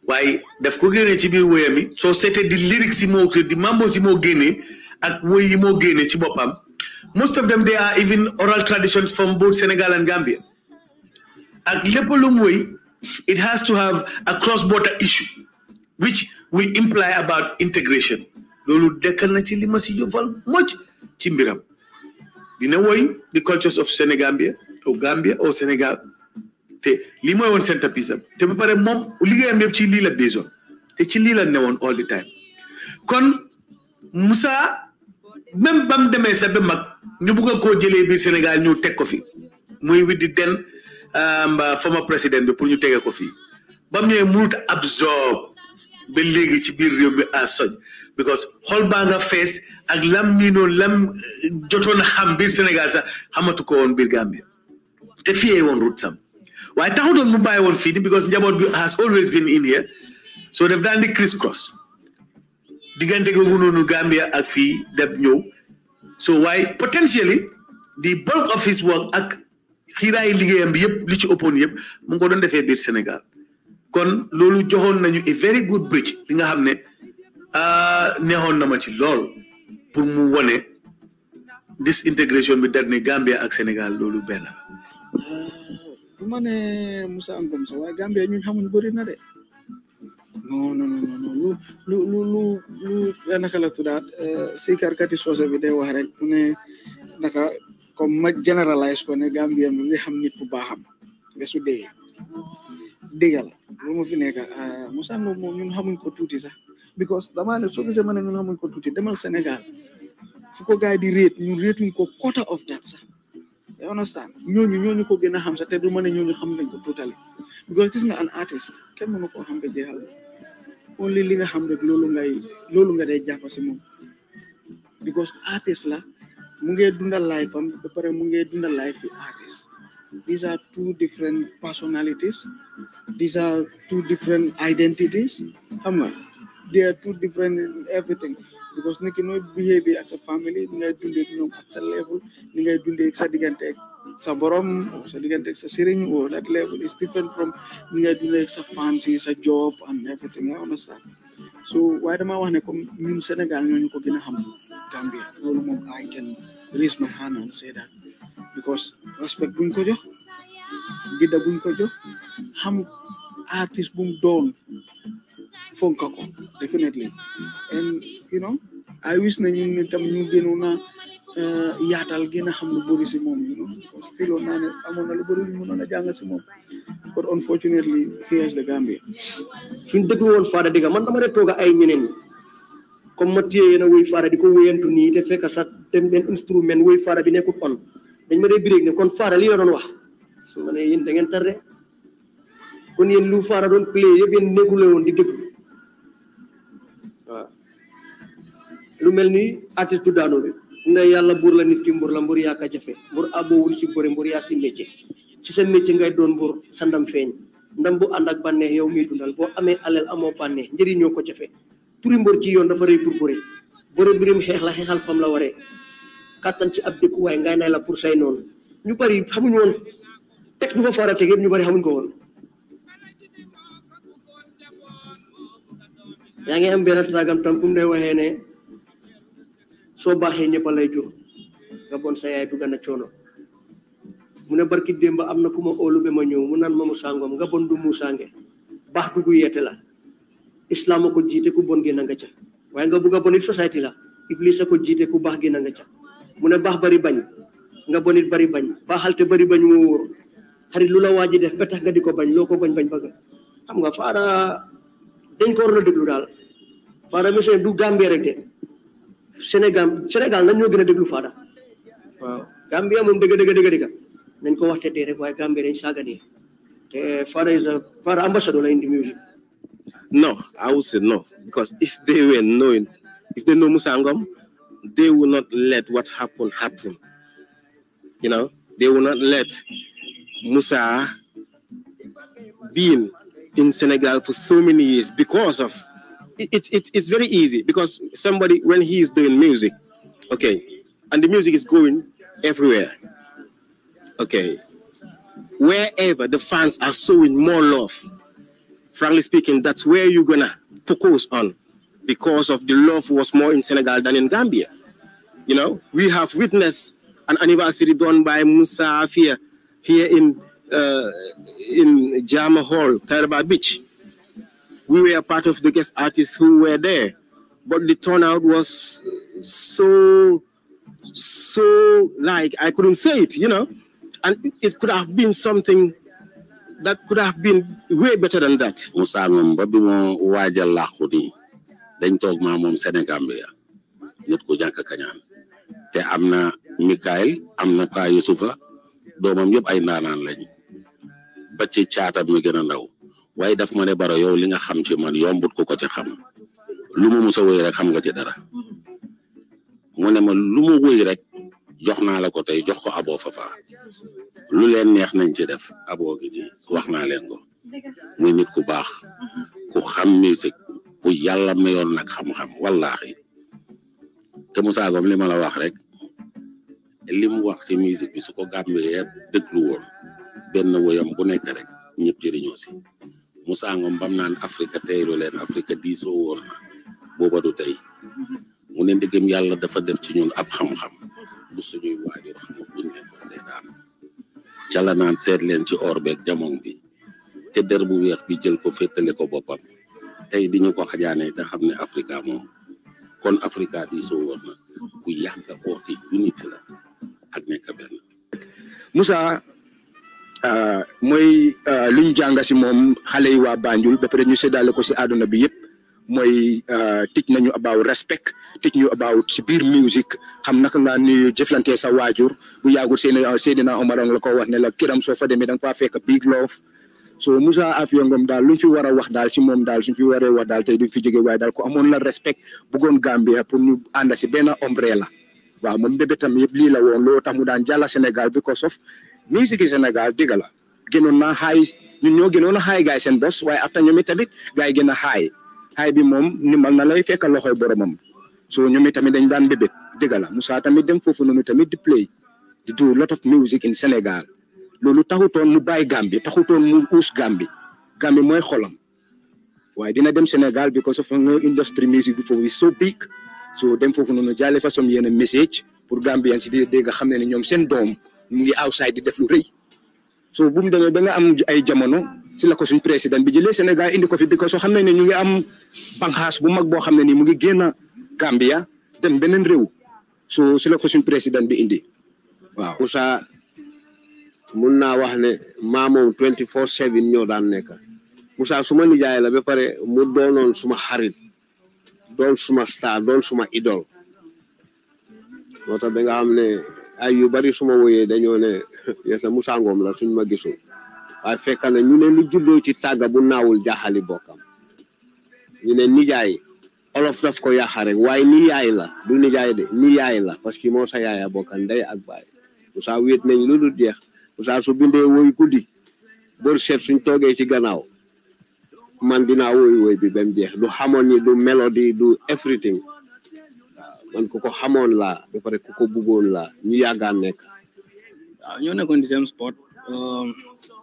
waaye daf ko génnee ci biir woyam yi so sete di lyrics yi moo di mambo si moo génnee ak woy yi most of them they are even oral traditions from both Senegal and Gambia ak lepolumwe, it has to have a cross border issue which we imply about integration loolu dekkal na ci li ma si jofal moj ci mbiram dina woy the cultures of Senegambia au Gambia au Sénégal te lii mooy woon centerpiece am te ba pare moom liggéeyam yëpp ci lii la bisoon te ci lii la newoon all the time kon Moussa même bam demee sa mag ñu bugg a koo jëlee biir Sénégal ñu teg ko fi muy widdi den euh, former président bi pour ñu tege ko fii bam ñëwee munut absorb ba léegi ci biir réew mi as such because xol baa nga fees ak lam nii noonu lam eh, jotoon xam biir Sénégal sax xamatu ko woon biir Gambia te fiyee woon route sam waaye taxutoon mu bàyyi woon fii because njaboot bi has always been in here so they've di the cross diggante googu noonu Gambia ak fii ñëw so waaye potentially the bulk of his work ak xiiraayu liggéeyam bi yëpp li ci ëppoon yëpp mu ngi ko doon defee biir Sénégal. kon lolu Johon nañu a very good bridge li nga xam euh neexoon na ma ci lool pour mu woné this integration bi dal Gambia ak Sénégal lolu ben bu ma ne am Ngom sa way Gambia ñu xamul bari na dé non non non non lu lu lu lu euh la eh, kar kati sosé bi day wax rek ne naka comme ma généralise ko né Gambia mi nga xam nit bu baaxam nga su dé déggal lu mu fi nekk euh, Moussa Ndoye moo ñun xamuñ ko tuuti sax because damaa ne soo gisee ma ne ñun xamuñ ko tuuti demal senegal fu ko gars yi di réet ñun réetuñ ko quarter of that sax you understand ñooñu ñooñu ko gën a xam sax te du ma ne ñooñu xam nañ ko tuutale because gis nga an artist kenn mënu koo xam ba jeexal only li nga xam rek loolu ngay loolu nga de jàpp si moom because artist la mu ngee dundal life am ba pare mu ngee dundal life fi artist these are two different personalities these are two different identities xam they are two different in everything because nekk nooy behave ak sa family ni ngay dundee sa level ni ngay dundee a sa diggante sa borom sa sa or that level is different from me I dundee ak sa fancy a sa job and everything I understand so do dama wax ne comme ñun Sénégal ñoo ñu ko gën a xam Gambia loolu I can raise my hand and say that because respect buñ ko jox gidda buñ ko jox xam artiste doon fonka ko definitely and you know I wish na ñun tam ñu gënoon na uh, yaatal gën a xam lu bëri si moom you know Filo naa ne amoon na lu bëri lu mënoon jàng si moom but unfortunately he has the Gambia suñ dëgg woon faada digga man dama de tooga ay ñeneen comme ma téye yéen a wéy faada di ko wéyantu nii te fekk sa dem benn instrument wéy faada bi nekkul on dañ ma day biréeg ne kon faara li la doon wax su ma ne yéen da ngeen tarre kon yéen lu faara doon play yëpp yéen gule woon di déglu waaw lu mel ni artiste du daano bi ne yàlla buur la nit ki mbur la mbur yaa ka jafe mbur aboowul si bëri mbur yaa si métier ci sa métier ngay doon mbur sa ndam feeñ ndam bu ànd ak bànneex yow miy dundal boo amee alel amoo bànneex njëriñoo ko jafe turi mbur ci yoon dafa rëy pour bëri bëri birim xeex la xeexal fam la waree katan ci ku way ngay nay la pour say non ñu bari xamuñ woon teg bu fa faara teg yëpp ñu bari xamuñ ko won ya ngi am benn tragam tam kum ne waxe ne soo baaxee ñëpp lay jox nga bon say ay na mu ne barki demba amna kuma ku be ma ñew mu nan ma mu sangom nga bon du mu bax du gu yété la islam ko jité ku bon gi na nga ca way nga bugg bon society la iblis ko jité ku bax gi na nga ca mune bax bari bañ nga bonit bari bañ baaxal te bari bañ mu wor xari lula waji def ba tax nga diko bañ loko bañ bañ bëgg xam nga faara dañ ko wona deglu dal daal faara mi du gambie rek de senegal senegal nañ gëna deglu a waaw gambia moom dëgg dëgg dëgg nañ ko waxte rek dañ té faara is a fara ambassador la indi music no i would say no because if they were knowing if they know musangom they will not let what happened happen. You know, they will not let Musa being in Senegal for so many years because of it, it, it's very easy because somebody when he is doing music, okay, and the music is going everywhere. Okay. Wherever the fans are showing more love, frankly speaking, that's where you're gonna focus on because of the love was more in Senegal than in Gambia. You know, we have witnessed an anniversary done by Musa Afia here in uh, in Jama Hall, Taraba Beach. We were part of the guest artists who were there, but the turnout was so so like I couldn't say it, you know, and it could have been something that could have been way better than that. Musa mom babi mo wajal lakhudi dañ tok ma mom Senegambia nit ko jank te am na Mikaël am na Kaa Yusufa doomam yëpp ay ndaanaan lañ ba ci caatam mi gën a ndaw waaye daf ma ne baro yow li nga xam ci man yombut ko ko ci xam lu mu mës a rek xam nga ci dara mu ne ma lu ma wéy rek jox naa la ko tey jox ko Abo Fafa lu leen neex nañ ci def Abo gi di wax naa leen ko muy nit ku baax ku xam musique ku yàlla mayoon nag xam-xam wallaahi. te Moussa Ngom li ma la wax rek li mu wax ci musique bi su ko gàmbee déglu woon benn woyam bu nekk rek ñëpp jëriñoo si Moussa Ngom bam naan Afrique teylu leen Afrique diisoo woon na booba du tey mu ne ndegem yàlla dafa def ci ñun ab xam-xam bu suñuy ca la naan seet leen ci or beeg jamono bi te der bu weex bi jël ko féetale ko boppam tey di ñu ko xajaane te xam ne Afrique moom. kon Africa diisoo woon na bu yàgg euh, mooy euh, lu ñu jàng si moom xale yi waa Banjul ba pare ñu séddale ko si àdduna bi yëpp mooy teach nañu about respect teach ñu about si biir musique xam naka nga nuyu jëflante sa waajur bu yàggul seen Seydina Omar la ko wax ne la kiram soo fa demee da nga faa fekk big love. so musa afi yongom dal luñ fi wara wax dal ci mom dal suñ fi wara wax dal tay duñ fi way dal ko la respect gon Gambia pour ñu ben si la wa mom moom tam yeb li la won lo tax mu daan because of musique Sénégal Senegal, digala gënoon na xaay ñun ñoo gënon na hay gaay boss. bos after afta mi tamit gaay gëna hay hay bi mom ni nimal na lay fekkal loxoy boromam so mi tamit dañ daan mbébét digala musa tamit dem tamit di play di do lot of music in Senegal lolu taxutoon mu bay gambi taxutoon mu ous gambi gambi moy xolam waaye dina dem senegal because of an industry music before we so big so dem nonu jale fa som yene message pour gambian ci di dégg xam ne ne ñoom mu ngi outside di def lu reuy so bu mu ba nga am ay jamono ci la ko suñ président bi Sénégal indi ko fi because soo ni ñu ngi am banxaas bu mag bo xam ni mu ngi Gambia dem benen réew so sila la ko suñ président bi indi waaw. mun naa wax ne maa moom 24/7 ñoo daan nekk Moussa suma nijaay la ba pare mu doonoon suma xarit doon suma star doon suma idol moo tax ba nga xam ne ay yu bari suma woyee dañoo ne <laughs> yesa Moussa Ngom la suñ ma gisul waaye fekk na ñu ne lu juddoo ci tàgga bu naawul jaaxali bokkam ñu ne nijaay olof daf ko yaaxa rek waaye ni la du nijaay de ni yaay la parce que moo sa yaaya bokkan day ak baay Moussa wéet nañ lu jeex saa su bindee woy kudi bër chef suñ toogee ci gannaaw man dina woy woy bi ba jeex du du everything man ku ko xamoon laa pare koko ko la, laa ñu yàggaa nekk na ñoo nekkoon di same sport um,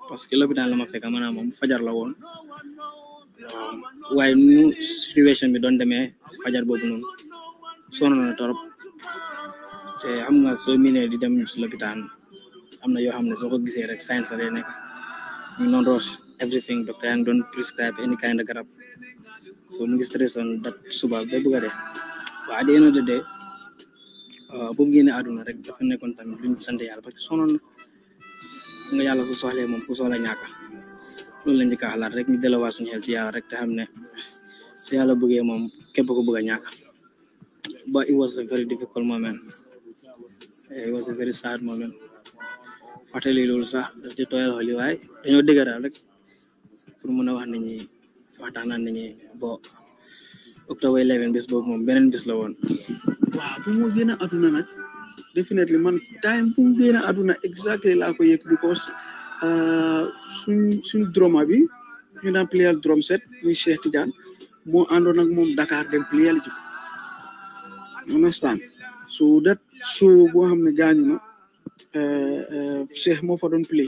parce que lopitaan la ma fekk mom fajar la won um, wai nu situation bi don deme, fajar boobu noonu sonn na torop te xam nga mine di dem si lopitaan am yo xamne soko ne rek science la day nekk you non everything docteur yang don't prescribe any kind of garab so mu ngi stress on dat suba ba bu a dee waaye at the end of the day boobu uh, génne rek dafa nekkoon tamit luñ sante yalla parce que sonon nga yalla su soxlee mom ku soxla ñaka loolu lañ di ka xalat rek ñu delawaat suñu xel ci yalla rek te xamne su yàlla bëggee képp ko bëgga ñaka but it was a very difficult moment it was a very sad moment ote lay loolu sax toel ci tooyal xol yi waaye dañoo dëgëral rek pour mën a wax bo octobre eleven bis boobu mom, beneen bis la Wah, waaw bu mu génn aduna nag definitely man time bu mu génn aduna exactly laa ko yëg because uh, sun sun drum abi, ñu daan playal drum set muy Cheikh Tidiane moo àndoon nang moom Dakar dem playal ji understand so that so boo xam ne ma. na sermon for doon play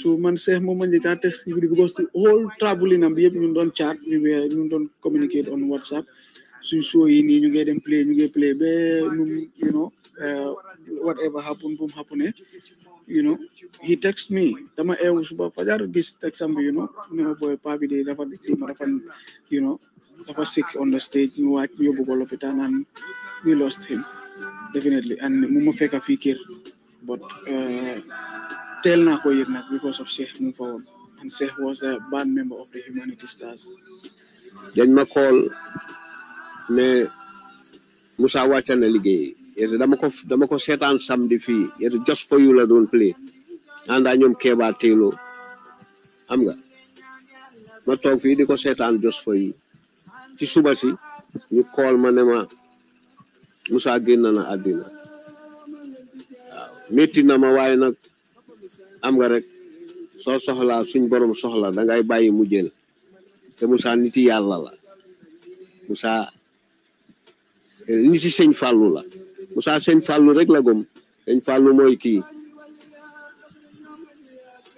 so man sermon man njëkk a text bi because the whole traveling am bi yëpp ñu doon chat ñu we ñu doon communicate on whatsapp suñ so yi nii ñu ngi dem play ñu ngi play ba num you know uh, whatever happen boom mu happen eh? you know he text me dama eewu eh, suba fajar gis text am bi you know ne ma boy paa bi de dafa ma dafa you know dafa sick on the stage ñu waaj yóbbu ko lopitaan and we lost him definitely and mu ma fekk fii kër but uh, teel naa ko yëg nag because of Cheikh mu fa woon and was a of the Humanity Stars dañ ma kool mais Moussa wàcca na liggéey yéen dama ko dama ko seetaan samedi fii yéen just for you la doon play àndaa ñoom Kéba Télo xam nga ma toog fii di ko seetaan just for ci suba si ñu kool ma ne ma Moussa génn na àddina metti na ma way nak am nga rek so soxla suñ borom soxla da ngay bayyi mu jël te Moussa niti yalla la Moussa eh, niti señ fallu la Moussa señ fallu rek la gom señ fallu moy ki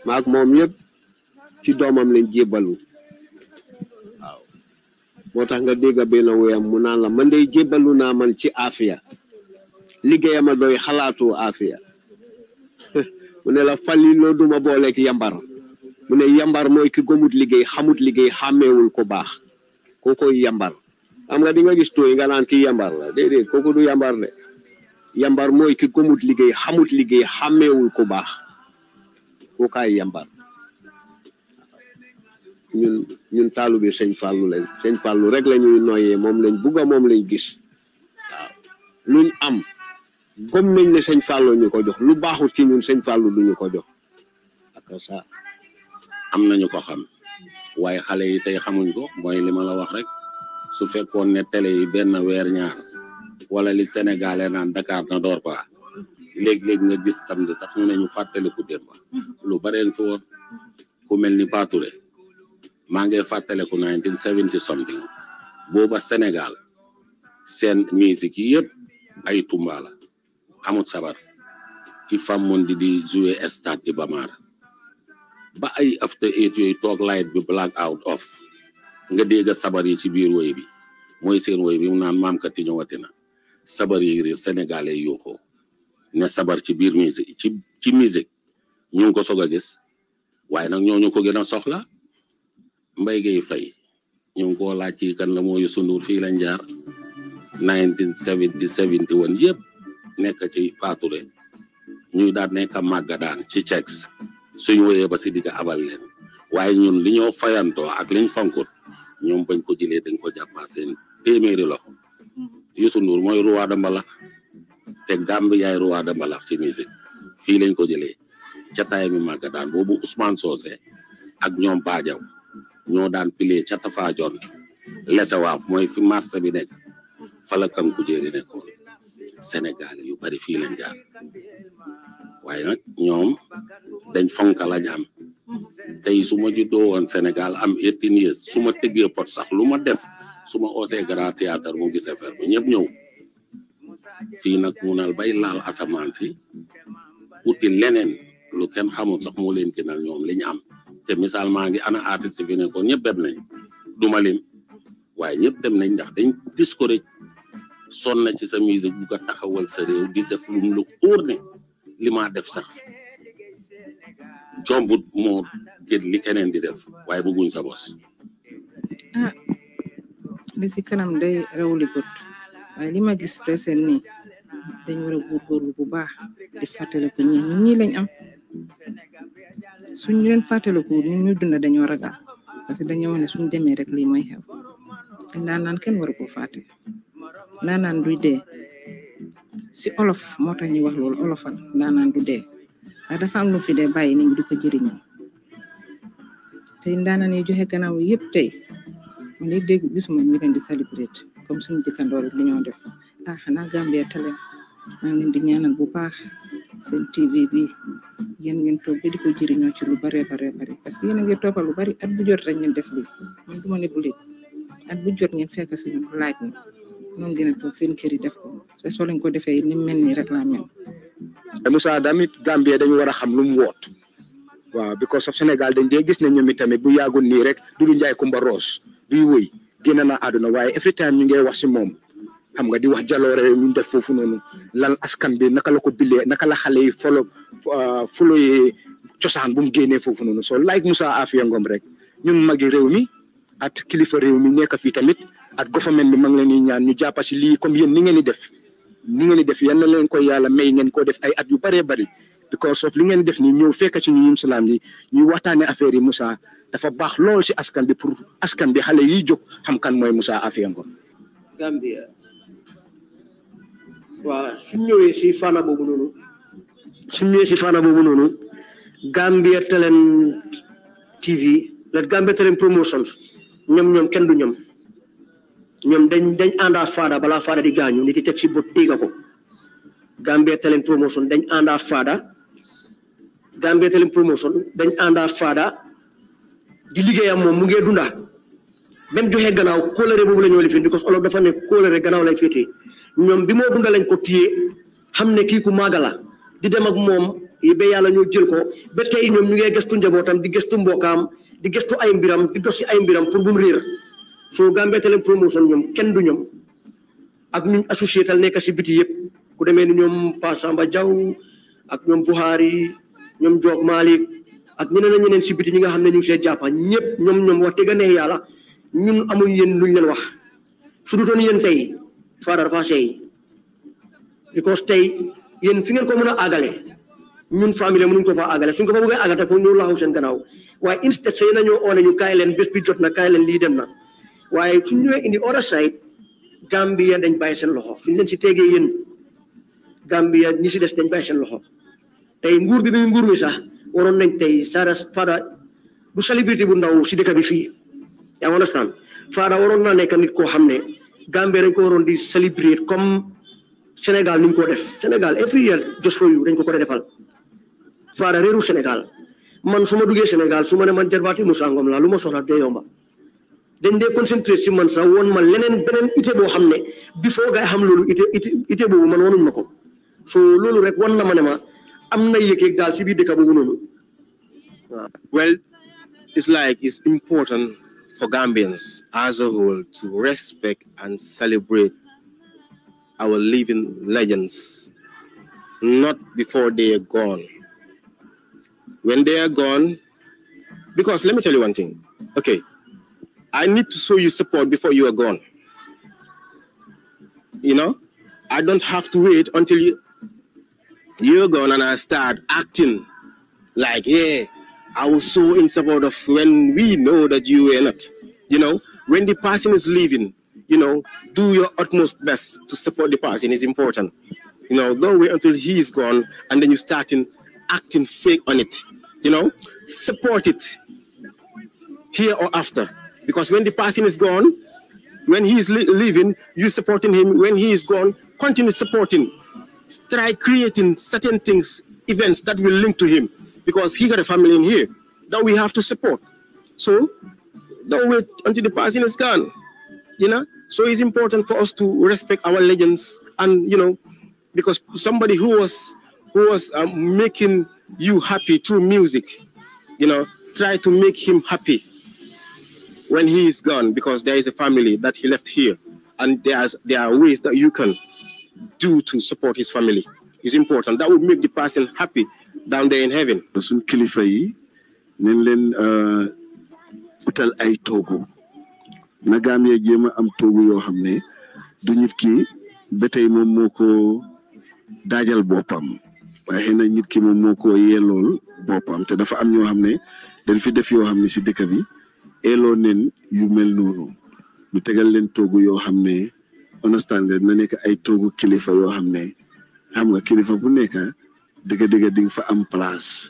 maak mom yeb ci domam lañ jébbalu waaw moo tax nga dégg na woyam mu nan la man day jébbalu na man ci afia doy xalaatu afia mu ne la fàlliloo duma booleeg yambar mu ne yambar mooy ki gëmut liggéey xamut liggéey xàmmeewul ko baax kookoy yambar am nga di nga gis tooy nga naan ki yambar la déedéet kooku du yambar de yambar mooy ki gëmut liggéey xamut liggéey xàmmeewul ko baax kookaay yambar ñun ñun taalu bi sëñ fàllu lañ sëñ fàllu rek la ñuy noyyee moom lañ bugga moom lañ gis waaw luñ am gëm nañ ne sëñ Fallou ñu ko jox lu baaxul ci ñun sëñ Fallou du ko jox ak ça am nañu ko xam waaye xale yi tey xamuñ ko mooy li ma la wax rek su fekkoon ne tele yi benn weer ñaar wala li Sénégalais naan Dakar na door quoi léeg-léeg nga gis samedi sax ñu ne ñu fàttaliku démb lu bareen fi woon ku mel ni Patouré maa ngi fàttaliku 1970 something booba Sénégal seen musique yi yëpp ay Tumba la. amut sabar ci fàmmoon di di jouer stade di Bamar ba ay after eight yooyu toog light bi black out off nga dégg sabar yi ci biir woy bi mooy seen woy bi mu naan maam kati ñëwati na sabar yi réer sénégalais yooxoo ne sabar ci biir musique ci ci musique ñu ngi ko soog a gis waaye nag ñooñu ko gën a soxla mbay gay fay ñu ngi koo laaj ci kan la mooy Youssou Ndour fii lañ jaar 1970 71 yëpp nekk ci paature ñuy daal nekk màggadaan ci cex suñu woyee ba si digga abal leen waaye ñun li ñoo fayantoo ak liñ fonkut ñoom bañ ko jëlee dañ ko jàppaa seen téeméeri loxo Youssou Ndour mooy roi de te Gambie yaay roi de ci musique fii lañ ko jëlee ca taay mi màggadaan boobu Ousmane soose ak ñoom Badiaw ñoo daan pilee ca Tafa Jon lesewaaf mooy fi marché bi nekk fala kanku jéeri nekkoon Sénégal bari fii lañ jaar waaye nag ñoom dañ fonka la jaam tey su ma juddoo woon Sénégal am eighteen years su ma tëggee pot sax lu ma def su ma ootee grand théâtre mu gisee fer bi ñëpp ñëw fii nag mu nal bay laal asamaan si uti leneen lu kenn xamul sax mu leen gënal ñoom li am te misaal maa ngi ana artiste fi ne ko ñëpp dem nañ duma lim waaye ñëpp dem nañ ndax dañ discourage sonn na ci sa musique bu ko taxawal sa réew di def lu mu la ne li maa def sax jombut moo gën li keneen di def waaye bëgguñ sa ah li si kanam day rawli gut waaye li ma gis presen nii dañ war a góorgóorlu bu baax di fàttaliku ñi ñun ñii lañ am suñ leen fàttaliku ñun ñu dund dañoo ragal parce que dañoo ne suñ demee rek lii mooy xew dañ daan naan kenn waru nanan duy dee si olof moo tax ñu wax loolu olofal nanan du dee ndax dafa am lu fi dee bàyyi nit ñi di ko jëriñoo tey ndaanaan yi joxe gannaaw yépp tey man de dégg gisuma ñu leen di célébrer comme suñu jëkkandoor li ñoo def ah xanaa Gambia Talent maa ngi leen di ñaanal bu baax seen TV bi yéen ngeen toog ba di ko jëriñoo ci lu bare bare bare parce que yéen a ngi toppal lu bari at bu jot rek ngeen def lii man duma ne bu leen at bu jot ngeen fekk suñu laaj ni ñoom dina toog seen kër yi def ko te soo leen ko defee ni mel nii rek laa eh, mel. Moussa tamit Gambie dañu war xam lu mu woot waaw because of Senegal dañ dee gis ne ñoom tamit bu yàggul nii rek Dudu Njaay Kumba Rose duy wëy génn na àdduna waaye every time ñu ngay wax si moom xam nga di wax jaloore ñu def foofu noonu lan askan bi naka la ko bilee naka la xale yi folo ah, fuloyee cosaan bu mu génnee foofu noonu so like Moussa Afia Ngom rek ñun magi réew mi at kilifa réew mi nekk fii tamit ak gouvernement bi mang ngi leen ñaan ñu japp ci li comme yeen ni ngeen ni def ni ngeen ni def yeen leen ko yalla may ngeen ko def ay at yu bare bëri because of li ngeen def ni ñew fekk ci ñu yum salaam ñuy waxtane affaire yi Moussa dafa bax lool si askan bi pour askan bi xalé yi jóg xam kan moy Moussa Afia Gambia Wa suñ ñewé ci fana bobu nonu ñewé ci fana bobu nonu Gambia Talent TV la Gambia Talent Promotions ñom ñom kenn du ñom ñom dañ dañ anda faada bala faada di gañu nit ci bu diga ko Gambia Talent Promotion dañ anda faada Gambia Talent Promotion dañ anda faada di am mom mu ngee dunda même joxe gannaaw coloré boobu la ñoo lifin because olof dafa ne coloré gannaaw lay fété ñom bi mo dunda lañ ko téye xamné ki ku magala, di dem ak mom yi be yalla ñoo jël ko ba tay ñom ñu ngee gëstu njabotam di gëstu mbokam di gëstu ay mbiram di gëstu ay mbiram pour bu mu soo Gambia Talents promotion ñoom kenn du ñoom ak ñu associé tal nekk si yëpp ku demee ni ñoom Pa Samba Jaw ak ñoom Buhari ñoom Joog Malik ak ñeneen ak ñeneen si ñi nga xam ne ñu ngi see jàppa ñëpp ñoom ñoom wax dëgg ne yàlla ñun amuñ yéen ñu leen wax su dutoon yéen tey Fada dafa seey because tey yéen fi ngeen ko mën a àggale ñun famille mënuñ ko fa àggale suñ ko fa bëggee àggate ko ñu laxaw seen gannaaw waaye instead sa yéen a ñoo oone ñu kaay leen jot na kaay leen lii dem na waaye suñ ñëwee indi other side Gambia dañ bàyyi seen loxo suñ leen si tegee yéen Gambia ñi si des dañ bàyyi seen loxo tey nguur bi muy nguur mi sax waroon nañ tey Sada Fada bu célébrité bu ndaw si dëkk bi fii yaa understand Fada waroon naa nekk nit koo xam ne Gambia dañ ko waroon di célébrer comme Sénégal ni ko def Sénégal every year just for dañ ko ko defal Fada réeru Sénégal man su ma duggee Sénégal su ma ne man jarbaati Moussa Ngom laa lu ma soxla dee yomba dañ dee concentré si man sax woon ma leneen beneen ité boo xam before gay xam loolu ité ité ité man wanuñ ma so loolu rek wan na ma ne ma am na yëg-yëg daal si biir dëkk well it's like it's important for Gambians as a whole to respect and celebrate our living legends not before they are gone when they are gone because let me tell you one thing okay I need to show you support before you are gone. You know, I don't have to wait until you you're gone and I start acting like, yeah, I was so in support of when we know that you are not. You know, when the person is leaving, you know, do your utmost best to support the person is important. You know, don't wait until he is gone and then you start in acting fake on it. You know, support it here or after. Because when the person is gone, when he is leaving, you supporting him. When he is gone, continue supporting. Try creating certain things, events that will link to him because he got a family in here that we have to support. So don't wait until the person is gone, you know? So it's important for us to respect our legends and, you know, because somebody who was who was um, making you happy through music, you know, try to make him happy when he is gone, because there is a family that he left here, and there's there are ways that you can do to support his family. It's important. That would make the person happy down there in heaven. suñ kilifa yi nañ leen uh, utal ay toogu na gaam yee jéem a am toogu yoo xam ne du nit ki ba tey moom moo ko daajal boppam waaye xëy na nit ki moom moo ko yeelool boppam te dafa am ñoo xam ne dañ fi def yoo xam ne si dëkk bi elo nen yu mel nonu ñu tegal len togu yo xam understand nga na nek ay togu kilifa yo xam xam nga kilifa bu nek dëgg dëgg di fa am place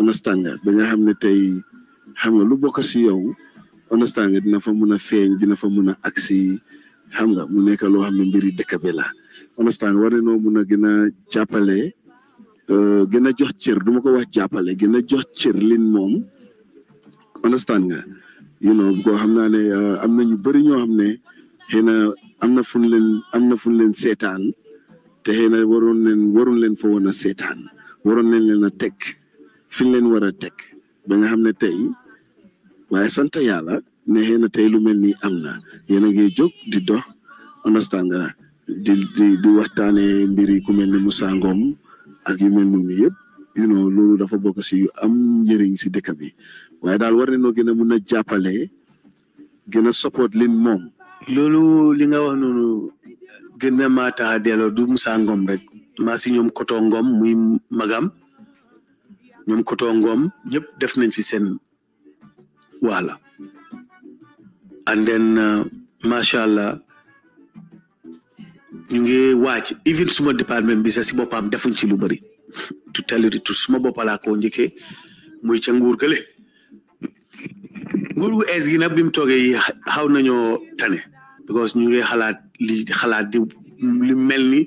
understand nga ba nga xam tay xam nga lu bokk ci yow understand nga dina fa mun feñ dina fa mun aksi xam nga mu nek lo mbiri dekk bi la understand war no mun gëna jappalé euh gëna jox cër duma ko wax jappalé gëna jox cër lin mom understand nga you know because xam naa ne euh, am na ñu bëri ñoo xam ne xëy am na fu len am na fu ñu leen seetaan te xëy na waroon leen waroon leen fa a seetaan waroon leen leen a teg fi ñu leen war a teg ba nga xam ne tey waaye sant yàlla ne xëy na tey lu mel nii am na yéen a ngi jóg di dox understand nga di di di waxtaanee mbir yi ku mel ni Moussa ak yu mel noonu yëpp you know loolu dafa bokk si yu am njëriñ si dëkk bi. waaye daal war nañoo gën a mun a jàppale gën a support leen moom. loolu li nga wax noonu gën na maa tax du Musa Ngom rek maa si ñoom Koto Ngom muy magam ñoom Koto Ngom ñëpp def nañ fi seen waala and uh, macha allah ñu ngi waaj even suma département bi sax si boppam defuñ ci lu bëri tu tell suma boppa laa ko njëkkee muy ca nguur gële nguur gu ees gi nag bi mu toogee xaw nañoo tane because ñu ngi xalaat li xalaat di li mel ni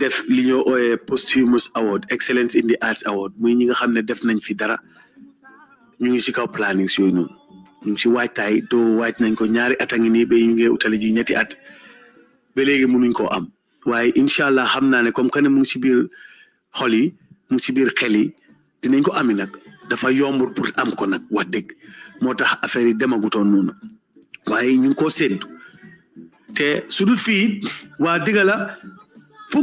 def li ñoo ooyee posthumous award excellence in the arts award muy ñi nga xam ne def nañ fi dara ñu ngi si kaw planning yooyu noonu ñu ngi si waajtaay doo waaj nañ ko ñaari at a ngi nii ba ñu ngi utale ji ñetti at ba léegi nuñ koo am waaye incha allah xam naa ne comme que ne mu ngi si biir xol yi mu ngi si biir xel yi dinañ ko ami nag dafa yombul pour am ko nag wax dëgg. moo tax affaire yi demagutoon noonu waaye ñu koo séentu te su dul fii waa dëgg la fu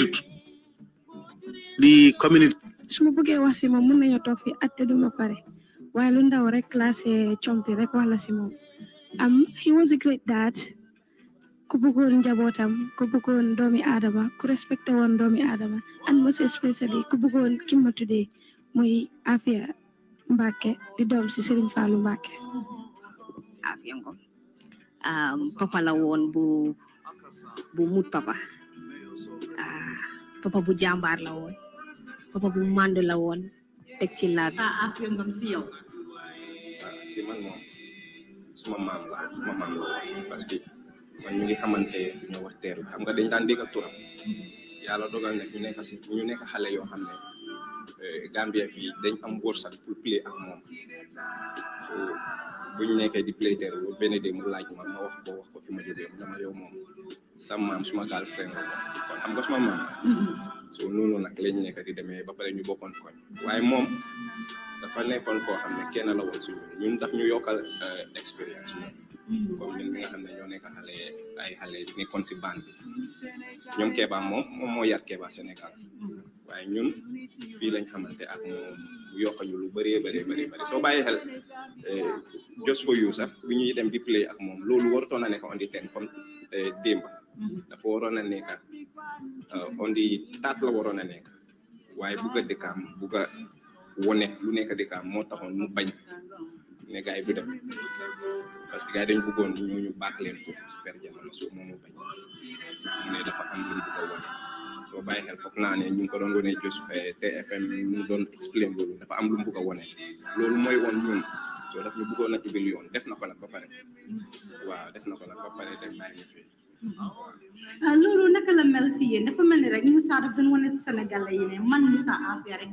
tut di communauté. su ma bëggee wax si moom mun nañu toog fii at te du pare waaye lu ndaw rek classé compi rek wax la si moom am he was a great dad ku bëggoon njabootam ku bëggoon doomi aadama ku respecté woon doomi aadama and most especially ku bëggoon ki ma tuddee muy mbake di dom si Serigne Fallou Mbacke yang ko um, papa la won bu bu mut papa uh, papa bu jambar la won papa bu mànd la woon teg ci laat ah, ah, yang ngam si yow si man moom suma maam la suma maam la woon parce que man ñu ngi xamante ñu wax teeru xam nga dañ daan dégg turam yàlla dogal nag ñu nekk si ñu nekk xale yoo Eh, Gambia fii dañ am wërsëg pour play moom bu ñu nekkee di play teer ba benn de laaj ma ma wax ko wax ko fi ma jógee dama yow moom sama suma gaal frère kon xam nga suma maam <laughs> so noonu nag lañ nekk di demee ba pare ñu bokkoon koñ waaye moom dafa nekkoon koo xam ne kenn la woon ñun daf ñu yokkal eh, expérience moom comme ñun ñi nga xam na ñoo nekk xale ay xale nekkoon si baan bi ñoom Keba moom moom moo yar Keba Sénégal waaye ñun fii lañ xamante ak moom yokk ñu lu bëree bëri bëri soo bàyyi xel eh, just for you sax bu ñuy dem di play ak moom loolu warutoon na nekk on dit ten comme eh, dafa waroon a nekk eh, on dit taat la waroon a nekk waaye bugg a dëkkaam wone lu nekk dëkkaam moo taxoon mu bañ ne gars yi du parce que gars yi dañ bëggoon ñooñu baax leen foofu super jamono suuf moom moo bañ ne dafa am lu mu ko wane soo bàyyi xel foog naa ne ñu ngi ko doon wane jos TFM ñu doon explain loolu dafa am lu mu bëgg a wane loolu mooy woon ñun soo daf ñu bëggoon a dugal yoon def na ko nag ba pare mm. waaw def na ko nag ba pare dem bàyyi ñu fi loolu ah, naka la mel si yéen dafa mel ni rek Moussa daf doon wane Sénégalais yi ne man rek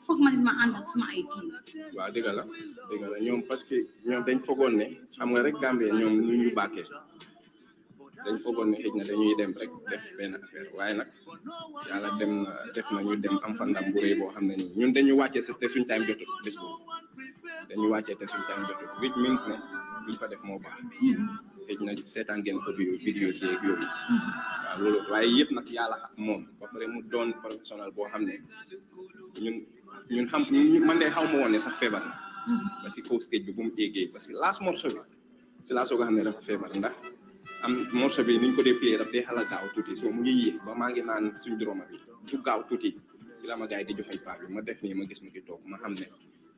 foog ma ma ànd ak sama ay tiim. la ñoom parce que ñoom dañ foogoon ne xam nga rek Gambie ñoom ñu ñu bàkkee dañ foogoon ne xëy na dañuy dem rek def benn affaire waaye nag yàlla dem def na ñu dem am fa ndam boo xam ne ñun dañuy wàccee sa te suñ time jotul bés boobu dañu wàccee te suñ time jotul which means ne luñ fa def moo baax. Hmm. tëj na seetaan ngeen ko bi vidéo si yeeg yooyu waaye yëpp nag yàlla ak moom ba pare mu doon professionnel boo xam ne ñun ñun xam man de xaw ma woon ne sax feebar na ba si kaw stage bi bu mu éggee parce que laas morceau bi si laa soo xam ne dafa feebar ndax am morceau bi ni ñu ko dee piyee daf dee xala gaaw tuuti soo mu ngi yéex ba maa ngi naan suñu droma bi du gaaw tuuti si la ma gaay di joxoñ paa ma def nii ma gis mu ngi toog ma xam ne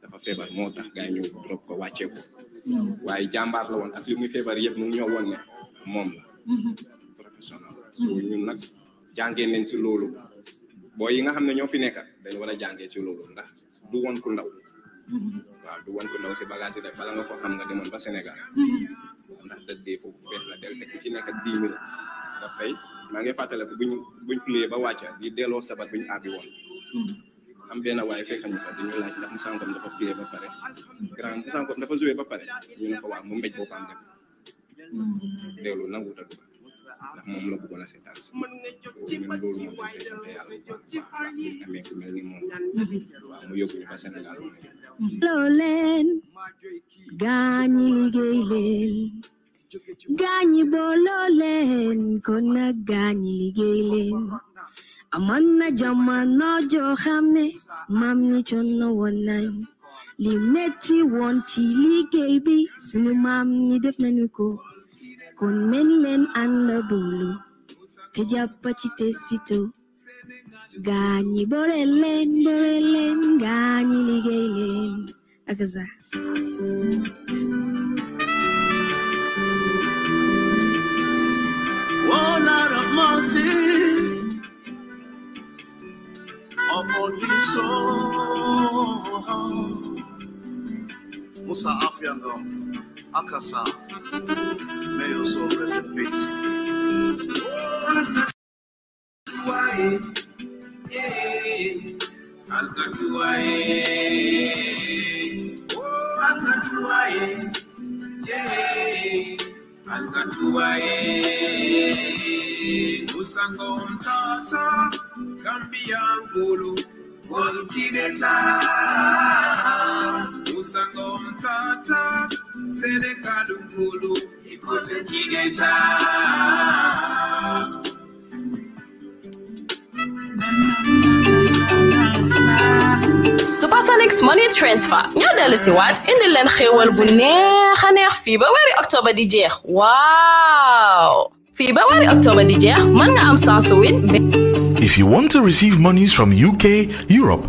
dafa feebar moo tax gaa ñu drop ko wàccee hmm. ko waaye jàmbaar la woon ak li muy feebar yëpp mu ñoo woon ne moom la hmm. professionnel ñun nag jàngee nañ ci loolu boo yi nga xam ne ñoo fi nekk dañu war a jàngee si loolu ndax du woon ku ndaw hmm. waaw du woon ku ndaw si bagage yi bala nga ko xam nga demoon ba Sénégal ndax dëddee foofu fees la del te ci nekk dix mille dafay maa ngi fàttale ko buñ buñ ba wàcca di delloo sabat buñu àbbi woon am benn waaye fekk ñu ko dañu laaj ndax dafa ba pare grand dafa joué ba pare ñu ne ko mu mbéj boppam dem ndax moom la bëggoon a seetaan si ñun loolu yàlla bu baax amee ku mel ni moom waaw mu yóbbu ñu ba Sénégal gaañi liggéey leen gaañi kon nag gaañi liggéey leen amanna no jo hamne ni chonno wanai limeti wanti ligebi sunu mamni defna nuko kon men len anda bolo te jappati te sito gañi bore len bore len gañi ligey len akaza Oh, Lord of mercy of only soul. Musa Afiangam, Akasa, may your soul rest in peace. Musango kineta usango mtata ikote kineta Supersonics Money Transfer ñoo dellu si waat indi leen xéewal bu neex neex fii ba weeri octobre di jeex waaw fii ba di jeex nga am sansu win If you want to receive monies from UK, Europe,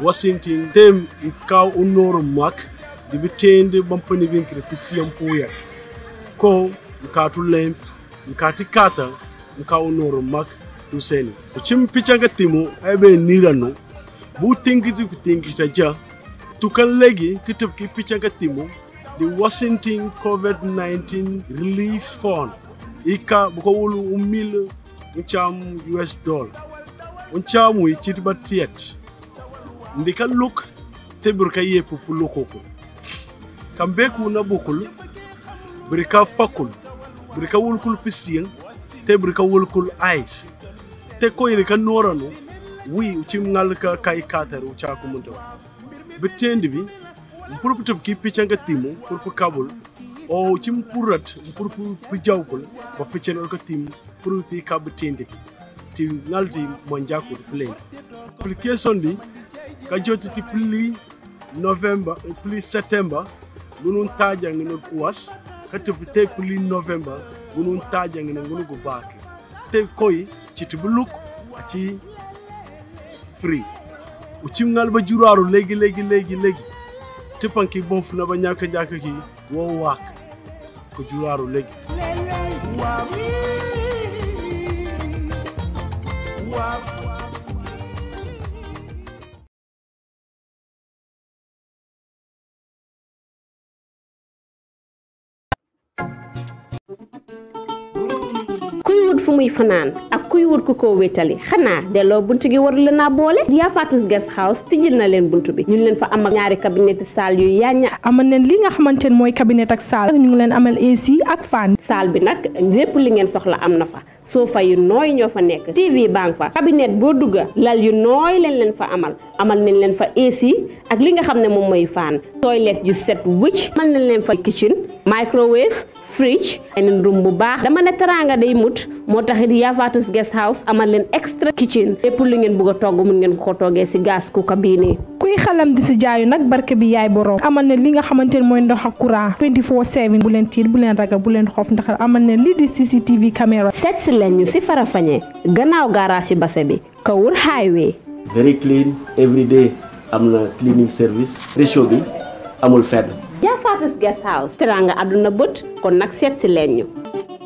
washington tem kaw unorum mak dibi tende bampani vinkre pisiyam puyer ko mkatu lemp mkati kata mkaw unorum mak tuseni kuchim pichanga timu ebe nirano bu tingiti ku tingita ja tukan legi kitub ki pichanga timu the washington covid-19 relief fund ika buko wulu umil uncham us dollar unchamu ichitiba tiet ndika luk te birka ye pupulu koko kambe ku na bukul birka fakul birka wulkul pisiyen te birka wulkul ice te ko irka noranu wi uchim ngalka kai katar ucha kumundo bitendi bi mpurpu tip ki pichanga timu purpu kabul o uchim purat mpurpu pijawkul ba pichen ka timu purpu pi kabitendi ti ngaldi monjakul play application di kajotiti pli november pli september gunun taja ngene kuwas katipu te pli november gunun taja ngene ngunu gubaki te koi chitibuluk achi free uchim ngalba juraru legi legi legi legi tipanki bon funa ba nyaka nyaka ki wo wak ko juraru legi muy fanaan ak kuy wër ku ko wéetali xanaa delloo bunt gi war la naa boole yaa Fatou Guest House tijjil na leen bunt bi ñu leen fa am ak ñaari cabinet salle yu yaañña amal leen li nga xamante ne mooy cabinet ak salle ñu ngi leen amal AC ak fan salle bi nag lépp li ngeen soxla am na fa sofa yu nooy ñoo fa nekk TV baa ngi fa cabinet boo dugga lal yu nooy leen leen fa amal amal nañ leen fa AC ak li nga xam ne moom mooy faan toilette yu set wëcc amal nañ leen fa kitchen microwave fridge beneen bu baax dama ne teraanga day mut moo tax taxit Yavaatous Guest House amal leen extra kitchen lépp lu ngeen bëgg a togg mun ngeen ko toggee si gaas cooker bii nii kuy xalam di si jaayu nag barke bi yaay borom amal ne li nga xamante ne mooy ndox ak courant 24/7 bu leen tiit bu leen ragal bu leen xoof ndax amal ne lii di CCTV caméra seet si leen ñu si Farafenni gannaaw garage yi base bi Kawur highway very clean every day am na cleaning service réchaud bi amul fenn Adja Fatou Guest House teraanga àdduna bët kon nag seet leen ñu